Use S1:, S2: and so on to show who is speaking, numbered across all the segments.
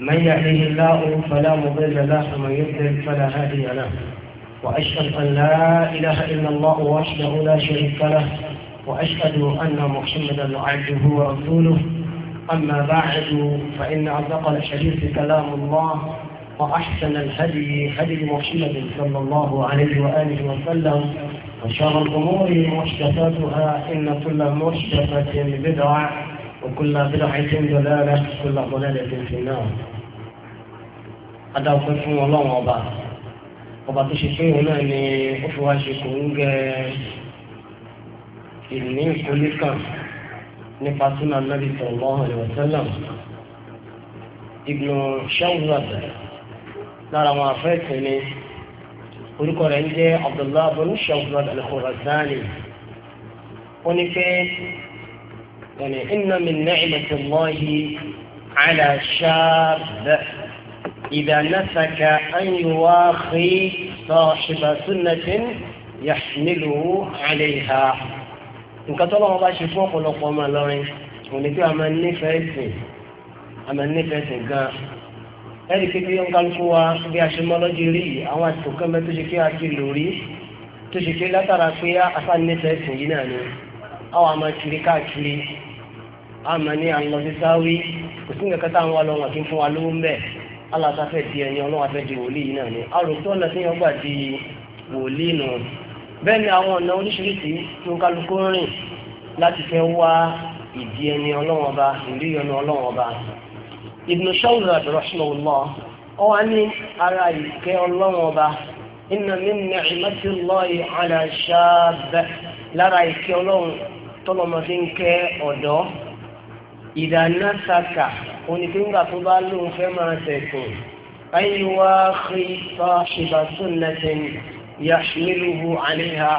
S1: من يهده الله فلا مضل له ومن يضلل فلا هادي له وأشهد أن لا إله إلا الله وحده لا شريك له وأشهد أن محمدا عبده ورسوله أما بعد فإن أصدق الحديث كلام الله وأحسن الهدي هدي محمد صلى الله عليه وآله وسلم وشر الأمور محدثاتها إن كل محدثة بدعة وكل بدعة ضلالة وكل ضلالة في النار adáwọ̀ pé fún ọlọ́run ọba ọba tó ṣe pé òun náà ni ó fi wá ṣe kò ń gẹ ìní ìkólíkàn nípa súnà nàbì sallallahu alaihi wasallam ibnu Shawwat lára àwọn afẹ́ẹ̀sì ni orúkọ rẹ̀ ń jẹ́ Abdullah bin Shawwat al-Khurasani ó ní pé يعني إن من نعمة الله على شاب إذا نفك أن يواخي صاحب سنة يحمله عليها nǹkan tó lọ́wọ́ bá ṣe fún ọ̀pọ̀lọpọ̀ ọmọ Ìlọrin òní pé a máa ń nífẹ̀ẹ́ sìn a máa ń nífẹ̀ẹ́ sìn gan-an ẹ̀rí kékeré ń kálukú wa bí a ṣe mọ́ lọ́jọ́ rí yìí àwọn àtìkò kan bẹ́ẹ̀ tó ṣe pé a ti lò rí tó ṣe pé látara pé a sáà nífẹ̀ẹ́ sìn yìí náà ni àwọn àmọ́ kiri káàkiri àmọ́ ní àlọ́ sísáwí kò sí nǹkan táwọn wà lọ́wọ́ kí n fún wa lówó mbẹ́ alásáfẹ́ di ẹni ọlọ́wọ́ afẹ́ di wòlíì yìí náà ni àròtọ́ ọ̀nà tí wọ́n gbà di wòlíì nù bẹ́ẹ̀ ni àwọn ọ̀nà oríṣiríṣi tó ń kálukú rìn láti fẹ́ wá ìdí ẹni ọlọ́wọ́ ọba ìlú ìyọnu ọlọ́wọ́ ọba Ibn Shawzad rahimahullah ọ wá ní ara ìkẹ́ ọlọ́wọ́ ọba inna min ni'matillahi ala shaab lára ìkẹ́ ọlọ́wọ́ tọ́lọ́mọdé ń kẹ́ ọ̀dọ́ ìdáná sàkà oníkéńgà tó bá lóun fẹ́ máa tẹ̀sùn ayé wá rí sọ ìbásùn lẹ́sẹ̀ni ìyá ìléluhu àléha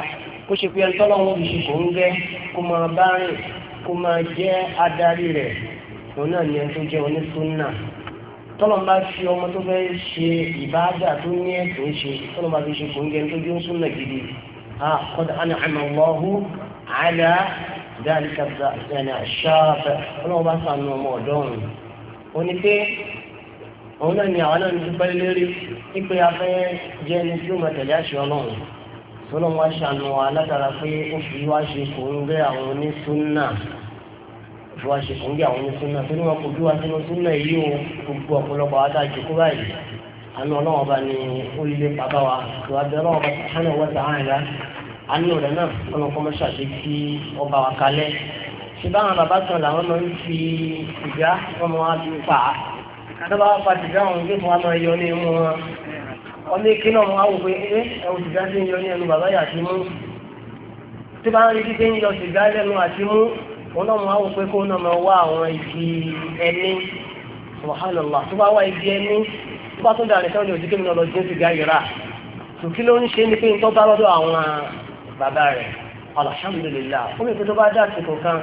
S1: kó ṣe pé ẹni tọ́lọ́wọ́ fi ṣe kò ń gẹ́ kó máa bá rìn kó máa jẹ́ adarí rẹ̀ òun náà ni ẹni jẹ́ onísúnnà tọ́lọ́n fi ọmọ tó fẹ́ ṣe ìbáàdà tó ní ẹ̀sìn ṣe tọ́lọ́n bá ṣe kò ń gẹ́ ẹni tó gidi ah qad an'ama Allahu على ذلك الدعسان الشاطئ ولو بس أنه مؤدون ونكي هنا نعلم نتبال ليري إبقى يعطي جاني سيومة العشي ولون ولو ما شانوا على ترفي أفي واشي كونغي أوني سنة fi wá ṣe fúnjẹ àwọn onísúnà tó ní wọn kò bí wá sínú súnà yìí o gbogbo ọ̀pọ̀lọpọ̀ wa dáa jòkó báyìí àánú ọlọ́wọ́n bá ní olùlé bàbá wa tó abẹ́ ọlọ́wọ́n bá sàánù wọ́n sàánù rà a àánú rẹ̀ náà ọlọ́kọ́ mọ́ṣà ṣe kí ọba wa kalẹ̀ ṣe báwọn bàbá kan làwọn máa ń fi ìgbà wọn máa fi pa á kátàbá wa pa ìgbà wọn gbé fún wa máa yọ ní imú wọn ọmọ èké náà wọn á wò pé ẹ ẹwọ ìgbà tí ń yọ ní ẹnu bàbá yà ti mú tí bá ń rí títí ń yọ ìgbà lẹ́nu àti mú wọn náà wọn á wò pé kó náà máa wá àwọn igi ẹni subhanallah tó bá wá igi ẹni tó bá tún dà ní sẹ́wọ̀n ní òjì bàbá rẹ̀ alhamdulillah fún mi tó bá dá àsìkò kan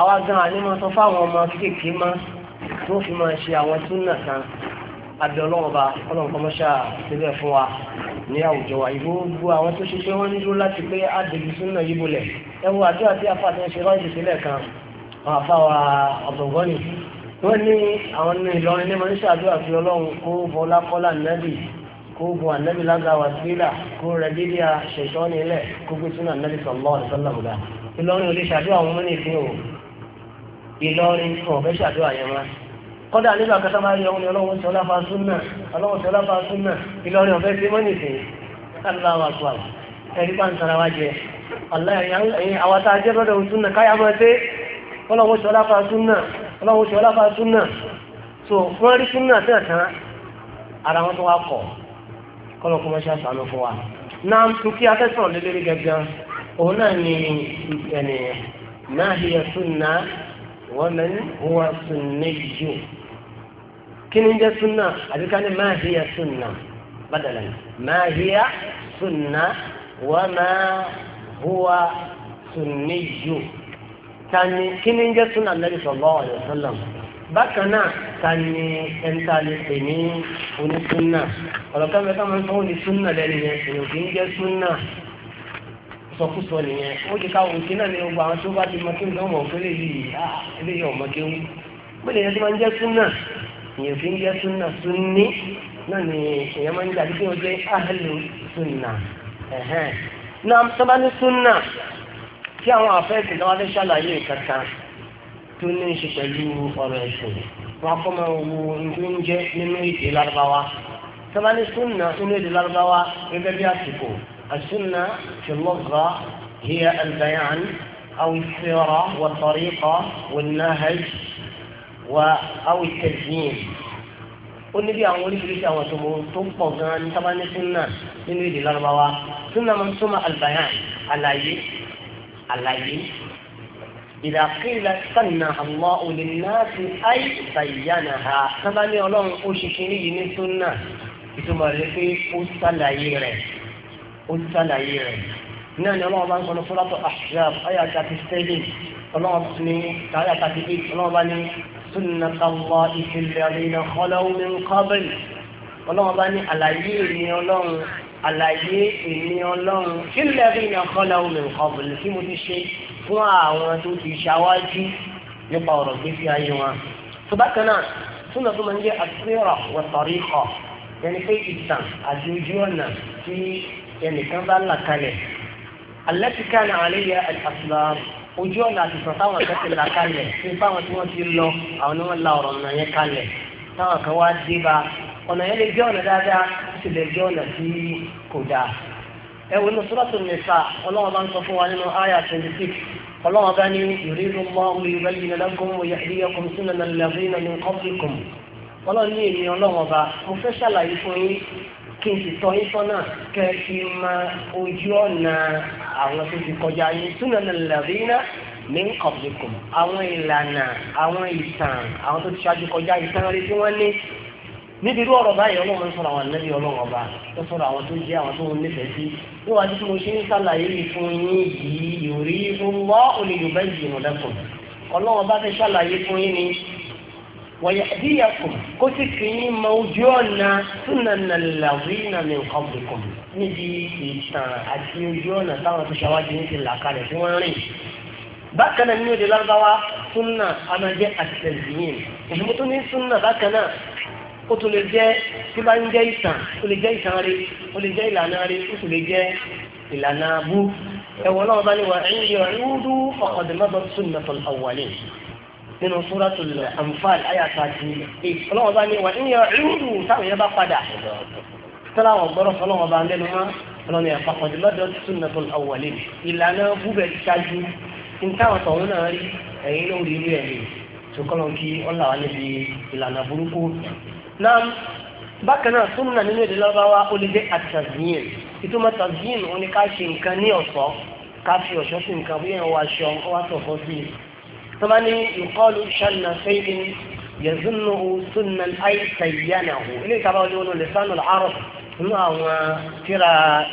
S1: àwa gan ànímọ̀ sọ fáwọn ọmọ kéékèèké mọ́ tó fi máa ṣe àwọn súnà kan abẹ ọlọ́ọ̀ba ọlọ́run kan mọ́ṣá síbẹ̀ fún wa ní àwùjọ wa ìbò gbogbo àwọn tó ṣe pé wọ́n nílò láti pé àdèjì súnà yìí bolẹ̀ ẹ wo àdúrà tí afa àti ẹṣẹ rọ́ọ̀dì sílẹ̀ kan àwọn afa wa ọ̀gbọ̀ngọ́nì wọ́n ní àwọn ní Ìlọrin ní mọ́nísà àdúrà fi ọlọ́run kó bọ́lá kọ́lá nẹ́bì kó gun ànábì lágbàwà sílà kó rẹ dídí a ṣètọ́ nílẹ̀ Sallallahu Alaihi Wasallam. ànábì sọ̀lọ́ ọ̀sánlọ́mùdá ìlọrin olè ṣàdúrà àwọn ọmọ nìfín o ìlọrin ọ̀fẹ́ ṣàdúrà yẹn wá kọ́dà nígbà kátà máa yọ ọmọ ọlọ́wọ́ sọlá fa súnà ọlọ́wọ́ sọlá fa súnà ìlọrin ọ̀fẹ́ sí mọ́ nìfín aláwọ̀ àpá ẹ̀rí bá ń tara wá jẹ àwọn tá jẹ́ lọ́dọ̀ súnà káyà máa dé ọlọ́wọ́ sọlá fa súnà ọlọ́wọ́ sọlá fa súnà so wọ́n rí súnà tẹ̀ tán ara wọn kọ́lọ́kọ́ mọ́ṣá sànú fún wa. náà tukí akẹ́sọ̀rọ̀ lélẹ́rí gangan òun náà ni ẹni náà hiya sunna wọ́n mẹ́ni huwa sunniyyu. kí ni jẹ́ sunna àbíká ni máa hiya sunna bàdàlà máa hiya sunna wọ́n máa huwa sunniyyu. tani kí ni jẹ́ sunna Nabi sallallahu alaihi wasallam bákan náà ta ni ẹni tá a lè pè ní onísúnà ọ̀rọ̀ káfẹ́ ká máa ń sanwó ní súnà lẹ́nu yẹn èèyàn kì í jẹ́ súnà sọkúsọ nìyẹn ó ti ká òkè náà ní gbogbo àwọn tó bá ti mọ kí nǹkan mọ̀ fẹ́lẹ̀ yìí ah, eléyìí ọ̀mọ kéwú pé lèyẹn tó máa ń jẹ́ súnà èèyàn kì í jẹ́ súnà súnni náà ni èèyàn máa ń jà dídé ọjọ́ ahlu súnà náà tó bá ní súnà tí àwọn àfẹ́sì náà tó ní ṣe pẹ̀lú ọ̀rọ̀ ẹ̀sìn wọn kọ́ máa wo ohun tó jẹ́ nínú èdè lárúbáwá sábàlì súnà nínú èdè lárúbáwá gẹ́gẹ́ bí àsìkò àsúnà fi lọ́gà hiya albayan أو السيرة والطريقة wọ̀nàhẹ́j و أو التدين ó níbi àwọn oríṣiríṣi àwọn ìṣòro tó pọ̀ gan-an ní sábà ní súnà nínú èdè lárúbáwá súnà máa ń súnmọ́ àlàyé àlàyé àlàyé إذا قيل سنها الله للناس أي بينها سبحان الله أشكيني من سنة ثم رفي أسلايره أسلايره نحن الله بان قلنا سورة أحزاب آية 37 الله بني آية 38 الله بني سنة الله في الذين خلوا من قبل الله بني على يمين الله àlàyé èmi ọlọ́run ilẹ̀ bí ní ọkọ́lá omi nǹkan bọ̀lẹ̀ tí mo ti ṣe fún àwọn tó ti ṣáwájú nípa ọ̀rọ̀ gbèsè ayé wọn. tó bá kan náà súnà tó máa ń jẹ́ àtúnyọ̀rọ̀ wọ̀tọ̀rí kọ̀ yẹni pé ìtàn àti ojú ọ̀nà tí ẹnìkan bá là kalẹ̀. alẹ́ ti ká yẹ àtìlá ojú ọ̀nà àti sàn táwọn kan ti là kalẹ̀ fún fáwọn tí wọ́n ti lọ àwọn ọ̀nà yẹn lè jẹ́ ọ̀nà dáadáa sì lè jẹ́ ọ̀nà tí kò dáa ẹ wo inú Suratul Nisa ọlọ́wọ́n bá ń sọ fún wa nínú àyà twenty six ọlọ́wọ́n bá ní yuridu Allahu liyubayyina lakum wa yahdiyakum sunana alladhina min qablikum ọlọ́run ní èmi ọlọ́run ọba mo fẹ́ ṣàlàyé fún yín kí n sì tọ́ yín sọ́nà kẹ́ ẹ fi mọ ojú ọ̀nà àwọn tó ti kọjá yín túnà nàlàbíyínà ní kọ̀bìkùn àwọn ìlànà àwọn ìtàn àwọn tó ti ṣáájú kọjá ìtàn rẹ tí wọ́n ní níbi irú ọ̀rọ̀ báyìí ọlọ́run ń sọ̀rọ̀ àwọn ànábì ọlọ́run ọba ń sọ̀rọ̀ àwọn tó jẹ́ àwọn tó ń nífẹ̀ẹ́ sí ní wàá tí mo ṣe ń ṣàlàyé fún yín yìí yòrí lọ́ òní yorùbá yìí mọ̀ lẹ́kùn ọlọ́run ọba fẹ́ ṣàlàyé fún yín ni wọ̀nyẹ díyàkùn kó sì fi yín mọ ojú ọ̀nà súnànà làwínà ní òde lárúbáwá súnà amájẹ́ àti tẹ̀síyìn tó ní súnà bákan ó tún lè jẹ́ tí bá ń jẹ́ ìtàn ó lè jẹ́ ìtàn rí ó lè jẹ́ ìlànà rí ó tún lè jẹ́ ìlànà abú ẹ̀wọ̀n náà bá ní wà ẹ̀yìn yọ ìwúdú ọ̀kọ̀dẹ̀mọ́bọ̀ sunnatul awwalin nínú suratul anfal ayàtà ti ọlọ́wọ́n bá ní wà ẹ̀yìn yọ ìwúdú táwọn yẹn bá padà tọ́láwọ̀n gbọ́dọ̀ fọlọ́wọ́n bá ń lẹ́nu mọ́ ọlọ́ni sùkọ́lọ̀ kí ọ̀là wa níbi ìlànà burúkú. na bákan náà súnmùnà nínú èdè lọ́bàwá ó lè jẹ́ àtàzíyìn ìtumọ̀ tàzíyìn ó ní ká ṣe nǹkan ní ọ̀ṣọ́ ká fi ọ̀ṣọ́ sí nǹkan bí ẹ̀wọ̀n aṣọ wá sọ̀fọ́ sí i. tó bá ní ìkọlù ṣànà fẹ́yìn yẹ̀zúnnù súnmùnà àìsàyánàhù ilé ìtàbá olówó ló lè sánù nínú àwọn tíra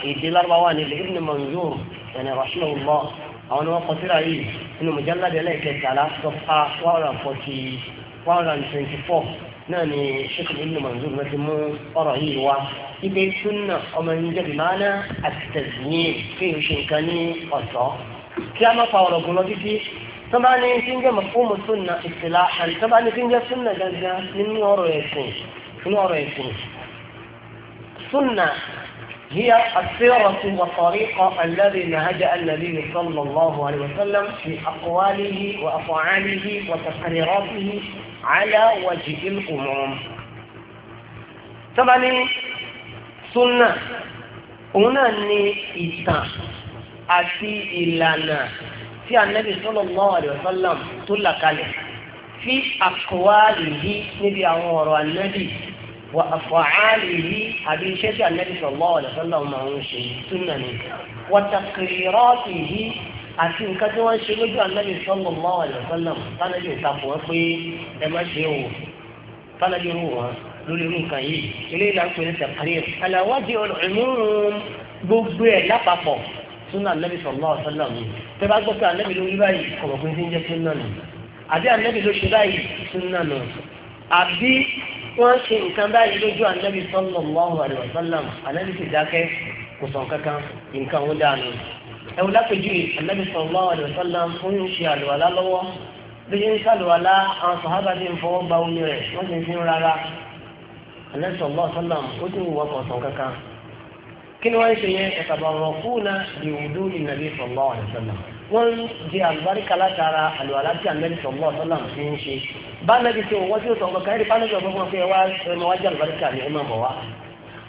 S1: èdè lọ́bàwá nílẹ̀ ibn Manzur yani àwọn ni wọ́n kọ síra yìí nínú mujallada ẹlẹ́ẹ̀kẹtàlá sọfà one hundred and twenty four náà ni sheikh ibn manzur náà ti mú ọ̀rọ̀ yìí wá ibi sunna ọmọ ẹnjẹ bìmánà àti tẹsíyìn kí o ṣe nǹkan ní ọ̀tọ̀ kí a má fa ọ̀rọ̀ gùn lọ títí tọ́ba ní kí n jẹ́ mọ̀fóòmù sunna ìsìlá àti tọ́ba ní kí n jẹ́ sunna gangan nínú ọ̀rọ̀ ẹ̀sìn nínú ọ̀rọ̀ ẹ̀sìn sunna هي السيرة والطريقة الذي نهج النبي صلى الله عليه وسلم في أقواله وأفعاله وتقريراته على وجه الأمم طبعا سنة هنا إتان أتي إلانا في النبي صلى الله عليه وسلم تلك في أقواله نبي أمور النبي wà àfọ̀hálì yìí àbí iṣẹ́ tí ànábì sallallahu alaihi wasallam máa ń ṣe súnà ni wà tàkìrọ́ọ̀tì yìí àti nǹkan tí wọ́n ṣe lójú ànábì sallallahu alaihi wasallam tánàbí ò tapọ̀ wọn pé ẹ má ṣe o tánàbí rú wọn lórí irú nǹkan yìí ilé ìlànà pé ní tàkìrìr àlàwádìí ọ̀rùn gbogbo ẹ̀ lápapọ̀ súnà ànábì sallallahu alaihi wasallam ti ń jẹ́ súnà nù àbí ànábì ló wọ́n ṣe nǹkan báyìí lójú ànábì sallallahu alaihi wasallam ànábì sì dákẹ́ kò sọ kankan nǹkan ó dànù. ẹ wò lápèjúwe ànábì sallallahu alaihi wasallam ó ń ṣe àlùwàlá lọ́wọ́ bí ń ṣàlùwàlá àwọn sàhábà ti ń fọwọ́ ba omi rẹ̀ wọ́n sì ń fi ń rárá. ànábì sallallahu alaihi wasallam ó ti wọ́ kò sọ kankan. kí ni wọ́n ń ṣe yẹn ẹ̀sàbàrọ̀ wọ́n ń di àlùbáríkà látara àlùwàlá tí àmẹ́lì sọ̀gbọ́n ọ̀tọ́lá fi ń ṣe bá tí wọ́n tí ó sọ̀gbọ́n kan ẹ̀rí ọ̀gbọ́n fún ẹ wá ẹnu wájú àlùbáríkà ni ẹ bọ̀ wá.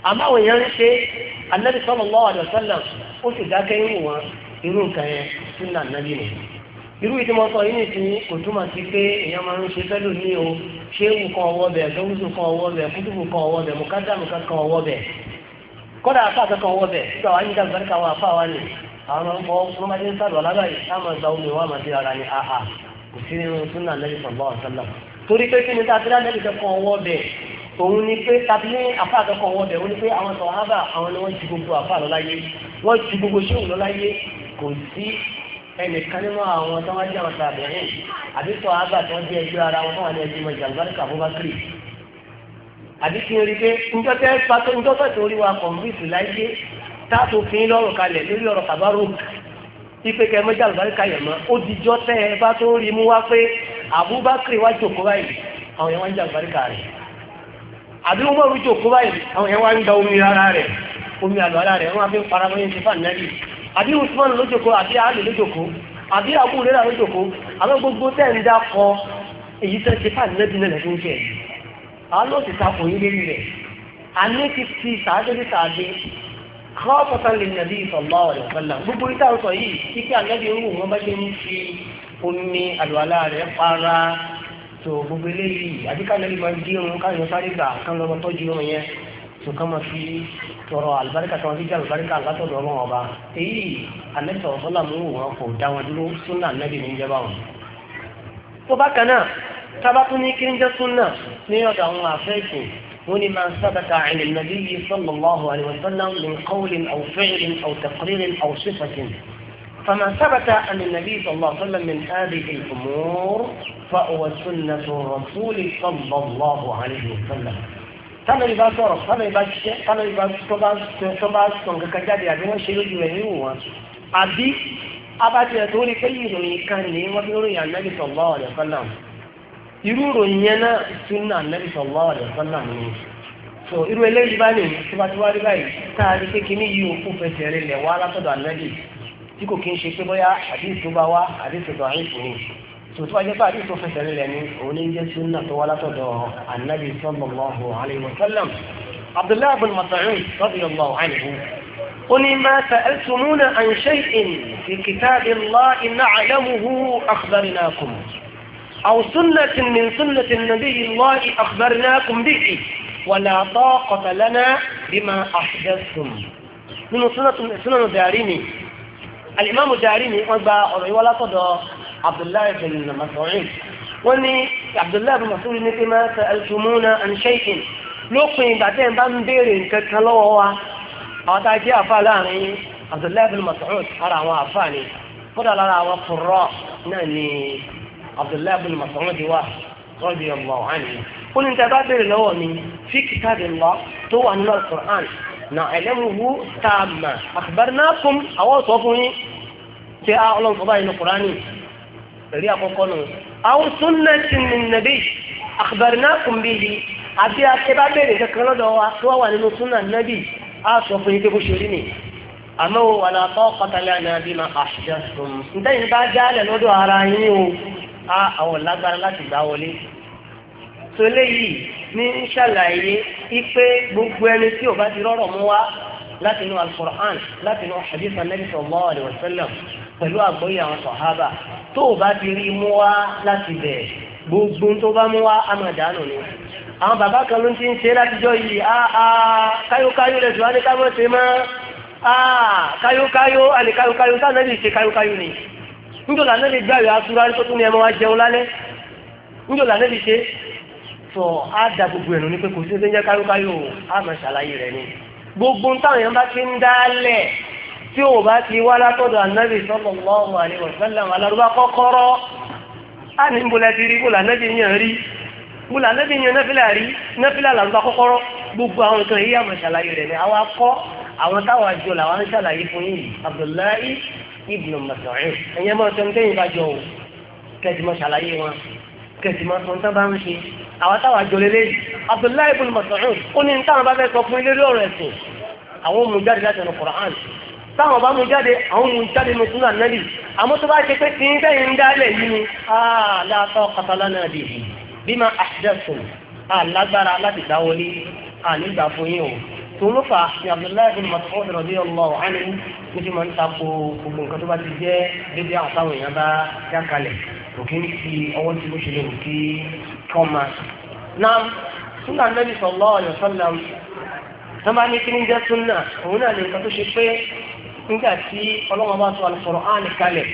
S1: àmọ́ àwọn èèyàn ń ṣe àmẹ́lì ó sì dákẹ́ irú nǹkan yẹn irú ìdí yìí nìsín kò túmọ̀ sí pé èèyàn máa ń ṣe ní o ṣé ọwọ́ bẹ̀ àwọn ọmọ ọmọdé sábà lábàáyé táwọn ọ̀sán omi wà máa ti rárá ní àhà kò sí nínú súnà nẹ́bí sọ̀lọ́ ọ̀sánlá torí pé kí ni tábílá nẹ́bí kẹ́kọ̀ọ́ ọwọ́ bẹ̀ òun ni pé tábílé afá kẹ́kọ̀ọ́ ọwọ́ bẹ̀ òun ni pé àwọn sọ̀hábà àwọn ni wọ́n ju gbogbo afá lọ láyé wọ́n ju gbogbo ṣéwù lọ láyé kò sí ẹnìkan nínú àwọn tó wájú àwọn tàbíyìn àbí sọ̀hábà tó jẹ́ ẹgbẹ́ ara wọn ni ẹbí mọ jàǹdùbáríkà Abubakar àbí kí n rí pé njọ́tẹ́ táàtò fi ń lọ́rùn kalẹ̀ lórí ọ̀rọ̀ kàbárò ipe kẹmẹjọ àlùbáríkà yẹn ó dijọ tẹ ẹ bá tó rí mú wá pé Abubakar wá jòkó báyìí àwọn yẹn wá ń jẹ àlùbáríkà àbí wọn bọrù jòkó báyìí àwọn ń da omi rẹ omi rẹ á fi yẹn ti àbí Usman lójòkó àbí Ali lójòkó àbí Abu lójòkó àwọn gbogbo ń dákọ èyí ti náà kọ́ọ̀fọ́tà lè nàbí ìfọ̀lá ọ̀rẹ́ ọ̀fẹ́lá gbogbo ìta ń sọ yìí ike àgbẹ̀dẹ̀ ń wò wọ́n bá ṣe ń fi omi àlùwàlá rẹ̀ para tó gbogbo eléyìí àti káàlẹ́lì máa ń dí irun káàlẹ́ sáré gbà kán lọ́mọ tọ́jú irun yẹn tó kán máa fi tọrọ àlùbáríkà tó wọn fi jẹ àlùbáríkà látọ̀dọ̀ ọlọ́run ọba èyí àlẹ́sọ̀ ọ̀fọ́lá mú wọn kò dá wọn هنا ما ثبت عن النبي صلى الله عليه وسلم من قول أو فعل أو تقرير أو صفة فما ثبت عن النبي صلى الله عليه وسلم من هذه الأمور فهو سنة الرسول صلى الله عليه وسلم tánà ìbá sọ̀rọ̀ tánà ìbá ṣiṣẹ́ tánà ìbá tó bá sọ nǹkan jáde àbí wọ́n ṣe lójú rẹ̀ níwò wọn àbí abájẹ́ tó rí pé ìròyìn kan ní wọ́n fi ròyìn ànábì sallallahu alaihi wasallam irú ìròyìn yẹn náà sunna anabi sallallahu alaihi wasallam ni so irú eléyìí bá lè tó bá ti wá rí báyìí táàrí pé kíní yìí òkú fẹsẹ̀ rẹ lẹ̀ wá látọ̀dọ̀ anabi tí kò kí ń ṣe pé bóyá àdéhùn tó wá àdéhùn tó àìsàn ni tòtú ajẹ́ pé àdìsọ fẹsẹ̀ rẹ̀ ni òun ní jẹ́ sunna tó wá látọ̀dọ̀ anabi sallallahu alayhi wa sallam أو سنة من سنة النبي الله أخبرناكم به ولا طاقة لنا بما أحدثتم من سنة سنة الدارمي الإمام الدارمي وبا ولا تضع عبد الله بن مسعود وني عبد الله بن مسعود إنك ما سألتمونا عن شيء لقين بعدين بنبيرين كتلوا أتاجي أفعلاني عبد الله بن مسعود أرى وأفاني فضل على وقراء ناني abdullahi bin masoud wa rọ́bì ọ̀gbọ̀n àná ó ní tẹ́ bá béèrè lọ́wọ́ mi fi kitabillah tó wà nínú alukur'an na ẹlẹ́mùhù tààmà akhbarnakum àwọn sọ fún yín tí a ọlọ́run sọ́bà inú kur'ani rí àkọ́kọ́ nù àwọn sunnatin min nabi akhbarnakum bihi àbí ẹ bá béèrè kankan lọ́dọ̀ wa tó wà nínú súnà nabi a sọ fún yín pé bó ṣe rí àmọ́ wà látọ́ kọtàlẹ́ á àwọn lágbára láti gbà wọlé tolé yìí ní ṣàlàyé ipe gbogbo ẹni tí ò bá ti rọrọ mú wá láti inú al-Qur'an láti inú hadith anabi sallallahu alayhi wa pẹ̀lú àgbọ́yé àwọn sọ̀hábà tó o bá ti rí mú wá láti bẹ̀ gbogbo tó bá mú wá amadanu ni àwọn bàbá kan ló ti ń ṣe látijọ́ yìí káyókáyó lè tùwá ní ká mọ̀ ṣe mọ́ káyókáyó alẹ́ káyókáyó sáà náà lè ṣe káyókáyó ni níjọ́ lànà lè gbàwé asúra tó tún ní ẹmọ wa jẹun lálẹ́ níjọ́ lànà lè ṣe sọ á da gbogbo ẹ̀nu ní pé kò sí ṣe ń jẹ́ káyọ́káyọ́ á máa ṣàlàyé ni gbogbo táwọn èèyàn bá ti ń dálẹ̀ tí o bá ti wá látọ̀dọ̀ ànábì sallallahu alaihi wasallam alárúbá kọ́kọ́rọ́ á ní mbọlẹ̀ ti rí bùlà ànábì yẹn rí bùlà ànábì yẹn náfìlà rí náfìlà làrúbá kọ́kọ́rọ́ gbogbo àwọn nǹkan yìí àmọ̀ ṣàlàyé rẹ̀ ni àwọn akọ́ àwọn táwọn àjọ làwọn ṣàlàyé fún yìí Abdullahi ibnu Mas'ud ẹ̀yẹ́ máa tọ́ nítẹ́yìn bá jọ o kẹ́ẹ̀tì máa ṣàlàyé wọn kẹ́ẹ̀tì máa sọ nǹkan bá ń ṣe àwọn táwọn àjọ lélẹ́ Abdullahi ibnu Mas'ud ó ní táwọn bá fẹ́ sọ fún ilé ọ̀rọ̀ ẹ̀sìn àwọn mú jáde láti ẹnu Qur'an táwọn bá mú jáde àwọn mú jáde ní sunna Nabi àmọ́ tó bá ṣe pé tí ń tẹ́yìn ń dálẹ̀ yìí ni aláàtọ̀ katala náà bì bima ahdathtum alágbára láti dáwọlé ànígbà fún yín o tó ló fà ní Abdullahi ibnu Mas'ud radiyallahu ní ti máa ń tako gbogbo nǹkan tó bá ti jẹ́ dédé àwọn táwọn èèyàn bá dá kalẹ̀ òkè ń fi ọwọ́ tí bó ṣe lè rìn kí kọ́ máa. na súnà Nábì sallallahu alaihi wasallam tó bá ní kí ní jẹ́ súnà òun náà ní nǹkan tó ṣe pé nígbà tí ọlọ́wọ́n bá sọ al-Qur'an kalẹ̀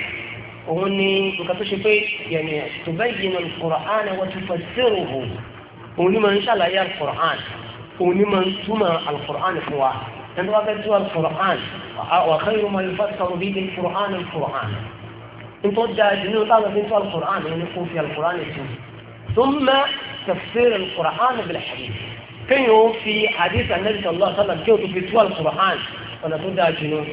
S1: òun ní nǹkan tó ṣe pé yẹnì tubayyinu al-Qur'an wa tufassiruhu òun ní máa ń ṣàlàyé al-Qur'an òun ní máa ń túmọ̀ al-Qur'an fún wa ẹni wọ́n fẹ́ tú alukur'an wàhálà ma yóò fásitì bí alukur'an alukur'an nítorí dáa jù ní o táwọn fi tú tu ثم تفسير القرآن بالحديث كي في حديث النبي صلى الله عليه وسلم كيف في تو القرآن ونتو دا جنون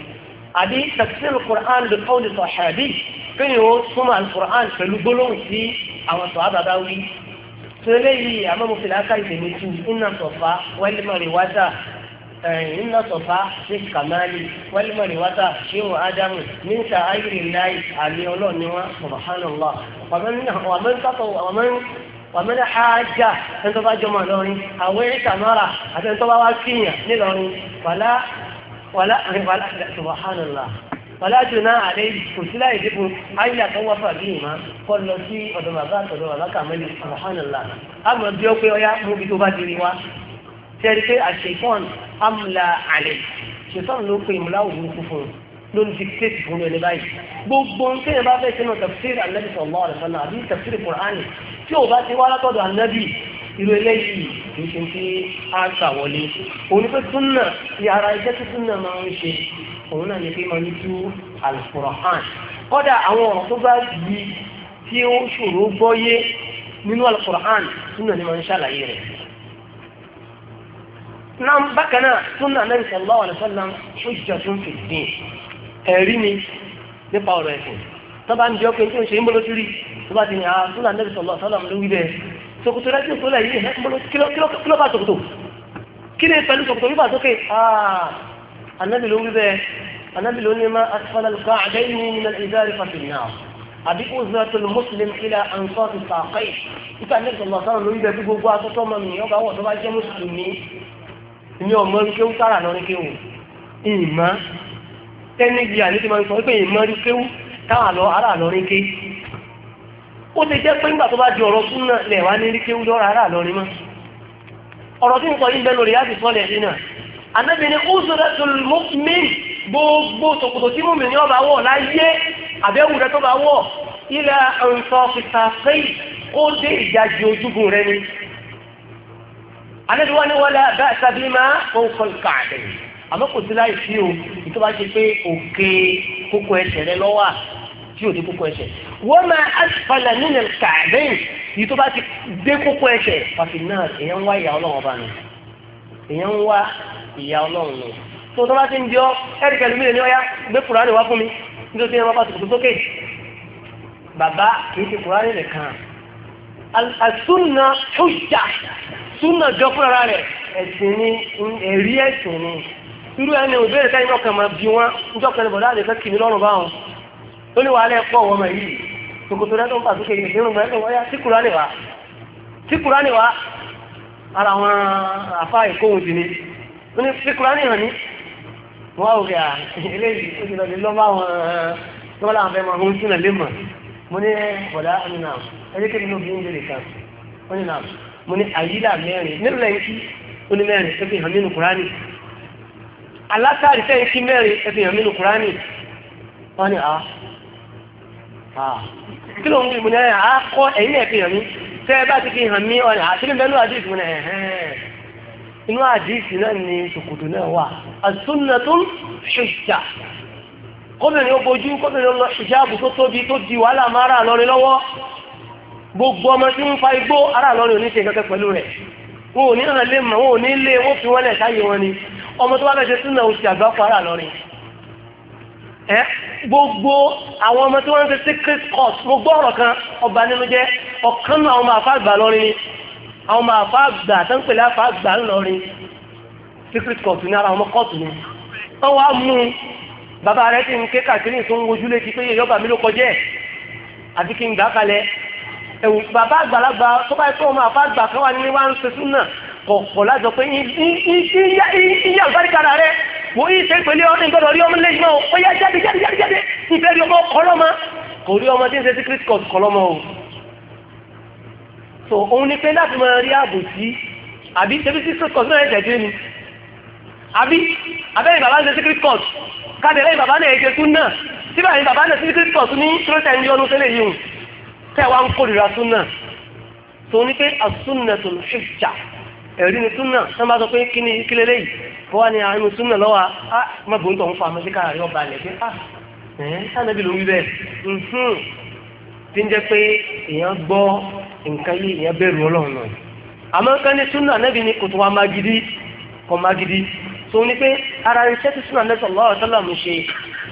S1: àbí tafsir al-Qur'an bí kọ́ọ̀lì sọ̀hábí kí ni ó súnmọ́ al-Qur'an pẹ̀lú gbólóhùn sí àwọn sọ̀hábà bá wí. tó léyìí àmọ́ mo fi làákà إن صفا في الكمال والمروة شيء آدم من سائر الله علي الله سبحان الله ومن ومن تطوع ومن ومن حاجة أنت تجمع لوني أو اعتمر حتى أنت واكينيا نلوني ولا ولا ولا سبحان الله ولا جناح عليه كسلا يجب أن يتوفى بهما قل له سي أدمغات أدمغات سبحان الله أما بيوكي ويا مو بتوبة ديني sẹ́rí pé àṣetán amúlá àlẹ́ ṣetán ló pe ìmúlá òwúrúkú fún un ló ń dictate fún ẹni báyìí gbogbo ń kéèyàn bá fẹ́ sínú tafsir anabi sallallahu alaihi wasallam àbí tafsir qur'ani tí ò bá ti wá látọ̀dọ̀ anabi irú eléyìí kì í ṣe ti á kà wọlé òun pé súnà yàrá iṣẹ́ tí súnà máa ń ṣe òun náà ni pé máa ń tú alukur'an kódà àwọn ọ̀rọ̀ tó bá di tí ó ṣòro gbọ́yé nínú alukur'an súnà ni máa ń ṣàlàyé rẹ̀ náà bákan náà súnà Nabi sallallahu alaihi wasallam hujjatun fid din ẹ̀rí ni nípa ọ̀rọ̀ ẹ̀sìn tó bá ń jẹ́ ọkùnrin tí ó ń ṣe ń bọ́lọ́ sírí tó bá ti ní àwọn ah, súnà Nabi sallallahu alaihi wasallam ló wí bẹ́ẹ̀ ṣòkòtò rẹ̀ tí ó sọ́lá yìí kílọ́ bá ṣòkòtò kí ni pẹ̀lú ṣòkòtò yóò bá sókè anábì ah, ló wí bẹ́ẹ̀ anábì ló ní ma asfala al-qa'dayni muslim ila ansati saqayhi ìta Nabi sallallahu alaihi wasallam ló wí bẹ́ẹ̀ gbogbo asọ́tọ́ mọ́ mi ọba wọ̀ tó bá jẹ́ mùsùlùmí ìní ọmọ rí kéwú sára lọ rí kéwú ìmọ̀ tẹ́ni bíi àní ti máa ń sọ pé ìmọ̀ rí kéwú táwà lọ ara lọ rí ké ó ti jẹ́ pé nígbà tó bá di ọ̀rọ̀ fún náà lẹ̀ wá ní rí kéwú lọ́ra lọ rí mọ́ ọ̀rọ̀ tí ń sọ yìí ń lórí yá ti sọ lẹ̀ sínú ànábì ni ó sọ rẹ̀ tó mí gbogbo tòkòtò tí mú mi ní ọba wọ̀ láyé àbẹ́wù rẹ̀ tó bá wọ̀ ilẹ̀ ọ̀nsọ̀ fìtàfẹ́yì ó dé ìdajì alẹ́dí wọ́n ní wọ́n lẹ́ bẹ́ẹ̀ sábí máa ń fọ́n káàdẹ̀ àmọ́ kò sí láì sí o tó bá ṣe pé òkè kókó ẹsẹ̀ rẹ lọ́wọ́ tí ò dé kókó ẹsẹ̀ wọ́n máa asfalẹ̀ nínú káàdẹ̀ yìí tó bá ti dé kókó ẹsẹ̀ pàfi náà èèyàn ń wá ìyá ọlọ́run bá mi èèyàn ń wá ìyá ọlọ́run lọ tó tó bá ti ń jọ ẹ̀ríkẹ́ lómi lè ní ọ̀yá gbé kùránì wá fún mi nítorí ẹ̀rọ bá ti sókè bàbá kì í ti kùránì nìkan àsúnà ó yà súnà jọ fúnra rẹ̀ ẹ̀sìn ni ẹ̀rí ẹ̀sìn ni irú ẹni òbéèrè táyì náà kàn máa bí wọn níjọ́ kan ní bọ̀dá àdékẹ́ kì mí lọ́rùn báwọn ó ní wàhálà ẹ̀pọ̀ wọ́n máa yìí tòkòtò rẹ̀ tó ń pàtókè yìí nínú gbẹ́rẹ́ wọ́n yá tíkùrá lè wá tíkùrá lè wá ara wọn àfa ìkóhun sí ni ó ní tíkùrá lè hàn ní wọ́n òkè à eléyìí ó ti lọ lè lọ́ bá wọn wọ́n láwọn fẹ́ máa mo ní àyílà mẹ́rin nílùú lẹ́yìn sí ó ní mẹ́rin ẹ fi hàn nínú kúránì alásàrì sẹ́yìn sí mẹ́rin ẹ fi hàn nínú kúránì wọ́n ní àá ah, ah. kí ló ń bí mo ní àá ah, kọ́ ẹ̀yìn ẹ̀ fi hàn mí tẹ́ ẹ bá ti fi hàn mí ọ̀nà àṣírí bẹ́ẹ̀ ló àdìsí mo ní ẹ̀hẹ́n inú àdìsí náà ni ṣòkòtò náà wà àsúnà tó ń ṣèjà kọ́bìnrin ó bojú kọ́bìnrin ó lọ ṣèjà tó tóbi tó di wàhálà mára gbogbo ọmọ tí ń fa igbó ará lọ́rin oníṣe kankan pẹ̀lú rẹ̀ wọn ò ní hàn lè mọ̀ wọn ò ní lé wọn fi wọn lẹ̀ sáyé wọn ni ọmọ tó bá fẹ́ ṣe súnà oṣù àgbà fún ará lọ́rin ẹ gbogbo àwọn ọmọ tí wọ́n ń ṣe secret court gbogbo ọ̀rọ̀ kan ọba nínú jẹ́ ọ̀kan náà àwọn máa fà gbà lọ́rin ni àwọn máa fà gbà tó ń pèlè lọ́rin secret court ní ara ọmọ court ni wọ́n wá mú bàbá rẹ̀ ti ń ké kàkiri ìsún ojúlé ti pé yọba mi ló kọjẹ́ àti kí n gbà kalẹ̀ ẹ̀wù bàbá àgbàlagbà tó bá yẹ kó ọmọ àfa àgbà kan wà ní wá ń ṣe sún náà kọ̀ọ̀kọ̀ lájọ pé ìyá àlùbáríkàrà rẹ wò í ṣe pẹ̀lú ọdún ìgbọ́dọ̀ rí ọmọ lẹ́yìn náà ó yá jáde jáde jáde jáde ìfẹ́ rí ọmọ kọlọ́mọ kò rí ọmọ tí ń ṣe sí kristi kọ̀ọ̀tù kọlọ́mọ o. so òun ni pé láti máa rí ààbò sí àbí ṣebí sí kristi kọ̀ọ̀tù náà ẹ̀jẹ̀ dé ni àbí abẹ́rẹ́ bàbá ń ṣe sí kristi kọ̀ọ̀tù káde lẹ́yìn bàbá náà ẹ̀jẹ̀ tún náà síbẹ̀ àyìn bàbá náà sí kristi kọ̀ọ̀tù ní kírótẹ̀ ń yọnu tẹ́lẹ̀ yìí tẹ́wà ń kórìíra súnà tó ní pé àsúnà tó lè ṣèjà ẹ̀rí ni súnà tó bá sọ pé kí ni kí lélẹ́yìí kó wá ní àárín súnà lọ́wọ́ á ah, má bò ń tọ̀ ń fa amẹ́síkà rẹ̀ ọba alẹ̀ pé ah ẹ̀ẹ́n sànẹ́bí ló wí bẹ́ẹ̀ nǹkan tí ń jẹ́ pé èèyàn gbọ́ nǹkan yìí èèyàn bẹ̀rù ọlọ́run náà àmọ́ nǹkan ní súnà nẹ́bí ni kò tó wá má gidi kò má gidi tó ní pé ara iṣẹ́ tí súnà nẹ́bí sallallahu alaihi wasallam ṣe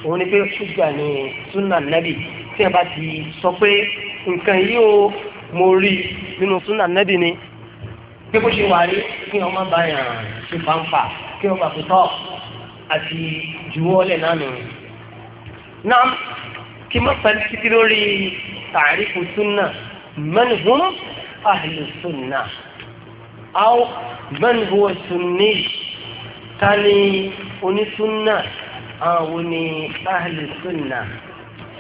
S1: òun ni pé ṣùgbà ni súnà nẹ́bí nǹkan yìí ó mo rí nínú súnà nẹ́bì ni
S2: pé bó ṣe wà rí
S1: kí wọ́n má bá yàn ṣe fàǹfà kí wọ́n bá fi tọ́ àti juwọ́lẹ̀ náà nù. náà kí má pẹ́ títí lórí tàrífù súnà man hum ahlu súnà aw man huwa sunni ta onísúnà àwọn ni ahlu súnà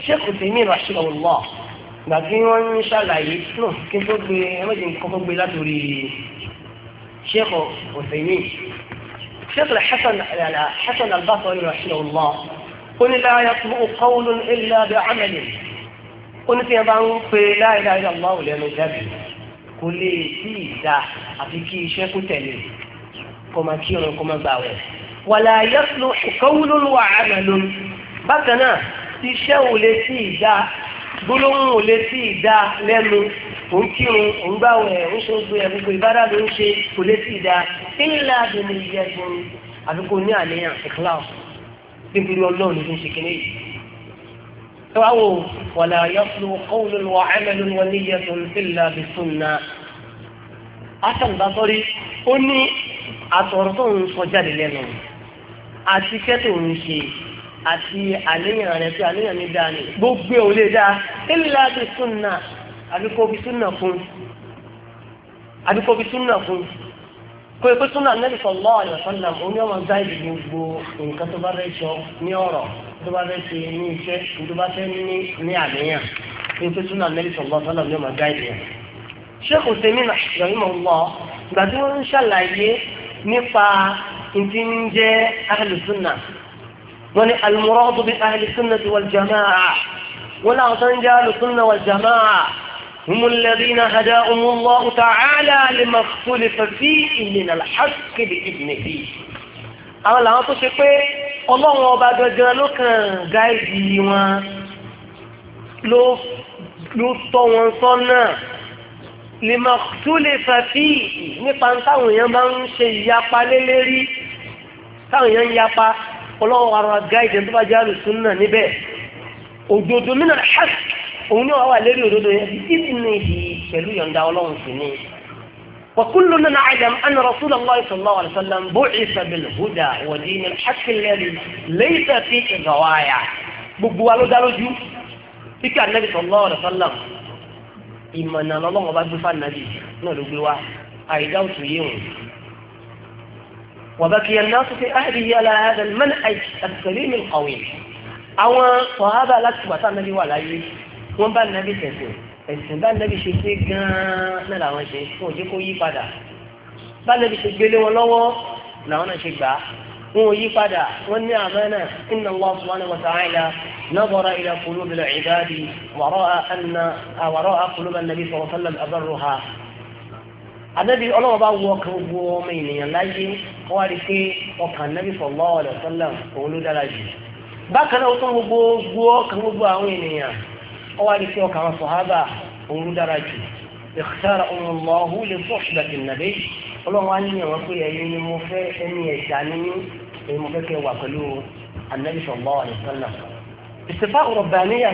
S1: Sheikh Uthaymeen rahimahullah gbà tí wọ́n ń ṣàlàyé náà kí n tó gbé ẹmẹ́jì kọ́kọ́ gbé látòrí sheikh ọ̀sẹ̀mí sheikh hasan al-basri rahimahullah ó ní la yasbu'u qawlun illa bi'amalin ó ní tí wọ́n bá ń pe la ilaha illallah lẹ́nu jáde kò lè sí ìdá àfi kí iṣẹ́ kó tẹ̀lé kó máa kí ọ̀rọ̀ kó máa gbà wẹ̀ wala yasluhu qawlun wa 'amalun bákan gbólóhùn ò lè sí ìdá lẹ́nu òun kírun òun gbàwẹ̀ òun ṣe gbé ẹ̀gbogbo ìbádà ló ń ṣe kò lè sí ìdá ńlá àdùnnú ìyá ẹ̀sìn àfi kò ní àníyàn ìkìlá bíbélì ọlọ́run ló ń ṣe kíní yìí. ẹ wá wò wàlà yọ̀fúnù kọ́wùlù wà ẹ́mẹ́lú wọn ní yẹ̀sùn ńlá bí súnà. asàǹbàtọ́rí ó ní àtọ̀rọ̀ tó ń sọ jáde lẹ́nu àti kẹ́tò ń àti àníyàn rẹ̀ pé àníyàn mi dáa ni gbogbo ò lè dáa ńlá bí súnà àbíkóbi súnà fún àbíkóbi súnà fún kó ipé súnà nẹ́bí sallallahu alaihi wasallam òun ni ọmọ gbá ìdí gbogbo nǹkan tó bá fẹ́ sọ ní ọ̀rọ̀ tó bá fẹ́ ṣe ní iṣẹ́ tó bá fẹ́ ní ní àníyàn kó ipé súnà nẹ́bí sallallahu alaihi wasallam ni ọmọ gbá ìdí yẹn. Sheikh Uthaymeen rahimahullah ìgbà tí wọ́n ń ṣàlàyé nípa ìdí ń wọ́n ní almuradu bi ahli sunnati wal jamaa wọ́n láwọn tó ń jẹ́ alùsùnà wal jamaa هم الذين هداهم الله تعالى لما اختلف فيه من الحق بإذنه àwọn làwọn tó ṣe pé ọlọ́run ọba gangan ló kàn gáìdì wọn ló tọ́ wọn sọ́nà lè mọ̀ tó lè fàfí nípa táwọn èèyàn bá ń ṣe ìyapa lélẹ́rí táwọn èèyàn ń yapa ọlọ́wọ́ ara gáìdẹ̀ tó bá jẹ́ àlùsùn náà níbẹ̀ òdodo mí náà ṣáà òun ní wàá wà lérí òdodo yẹn bí ibi ní ìhì pẹ̀lú yọ̀ǹda ọlọ́run sì ni. وكلنا نعلم أن رسول الله صلى الله عليه وسلم بعث بالهدى ودين الحق الذي ليس فيه ضوايع gbogbo wa ló dá lójú kíkà nàbì sallallahu alaihi wasallam ìmọ̀nà lọ́lọ́wọ́ bá gbé fún ànàbì وبكي الناس في أهله على هذا المنهج السليم القويم àwọn sọ̀hábà láti wàtá nàbí wà láyé wọ́n bá nàbí tẹ̀sìn ẹ̀sìn bá nàbí ṣe ṣe gan-an náà làwọn ṣe fún òjé kó yí padà bá nàbí ṣe gbélé wọn lọ́wọ́ làwọn náà ṣe gbà á wọn ò yí padà wọ́n ní àmánà inna Allah subhanahu wa ta'ala nazara ila qulubi al-ibadi wa ra'a anna wa ra'a quluba an-nabi sallallahu alaihi wa sallam abarruha wọ́n wá rí pé ọkàn nábì sallallahu alaihi wasallam òun ló dára jù bákan náà ó tún gbogbo ọkàn gbogbo àwọn ènìyàn wọ́n wá rí pé ọkàn àwọn sọ̀hábà òun ló dára jù ìkítàrà Allahu li suhbati nabi ọlọ́run á níyàn wọn pé ẹ̀yin ni mo fẹ́ ẹni ẹ̀dá nínú èyí mo fẹ́ kẹ́ wà pẹ̀lú anabi sallallahu alaihi wasallam ìsìnfà ọ̀rọ̀bàníyà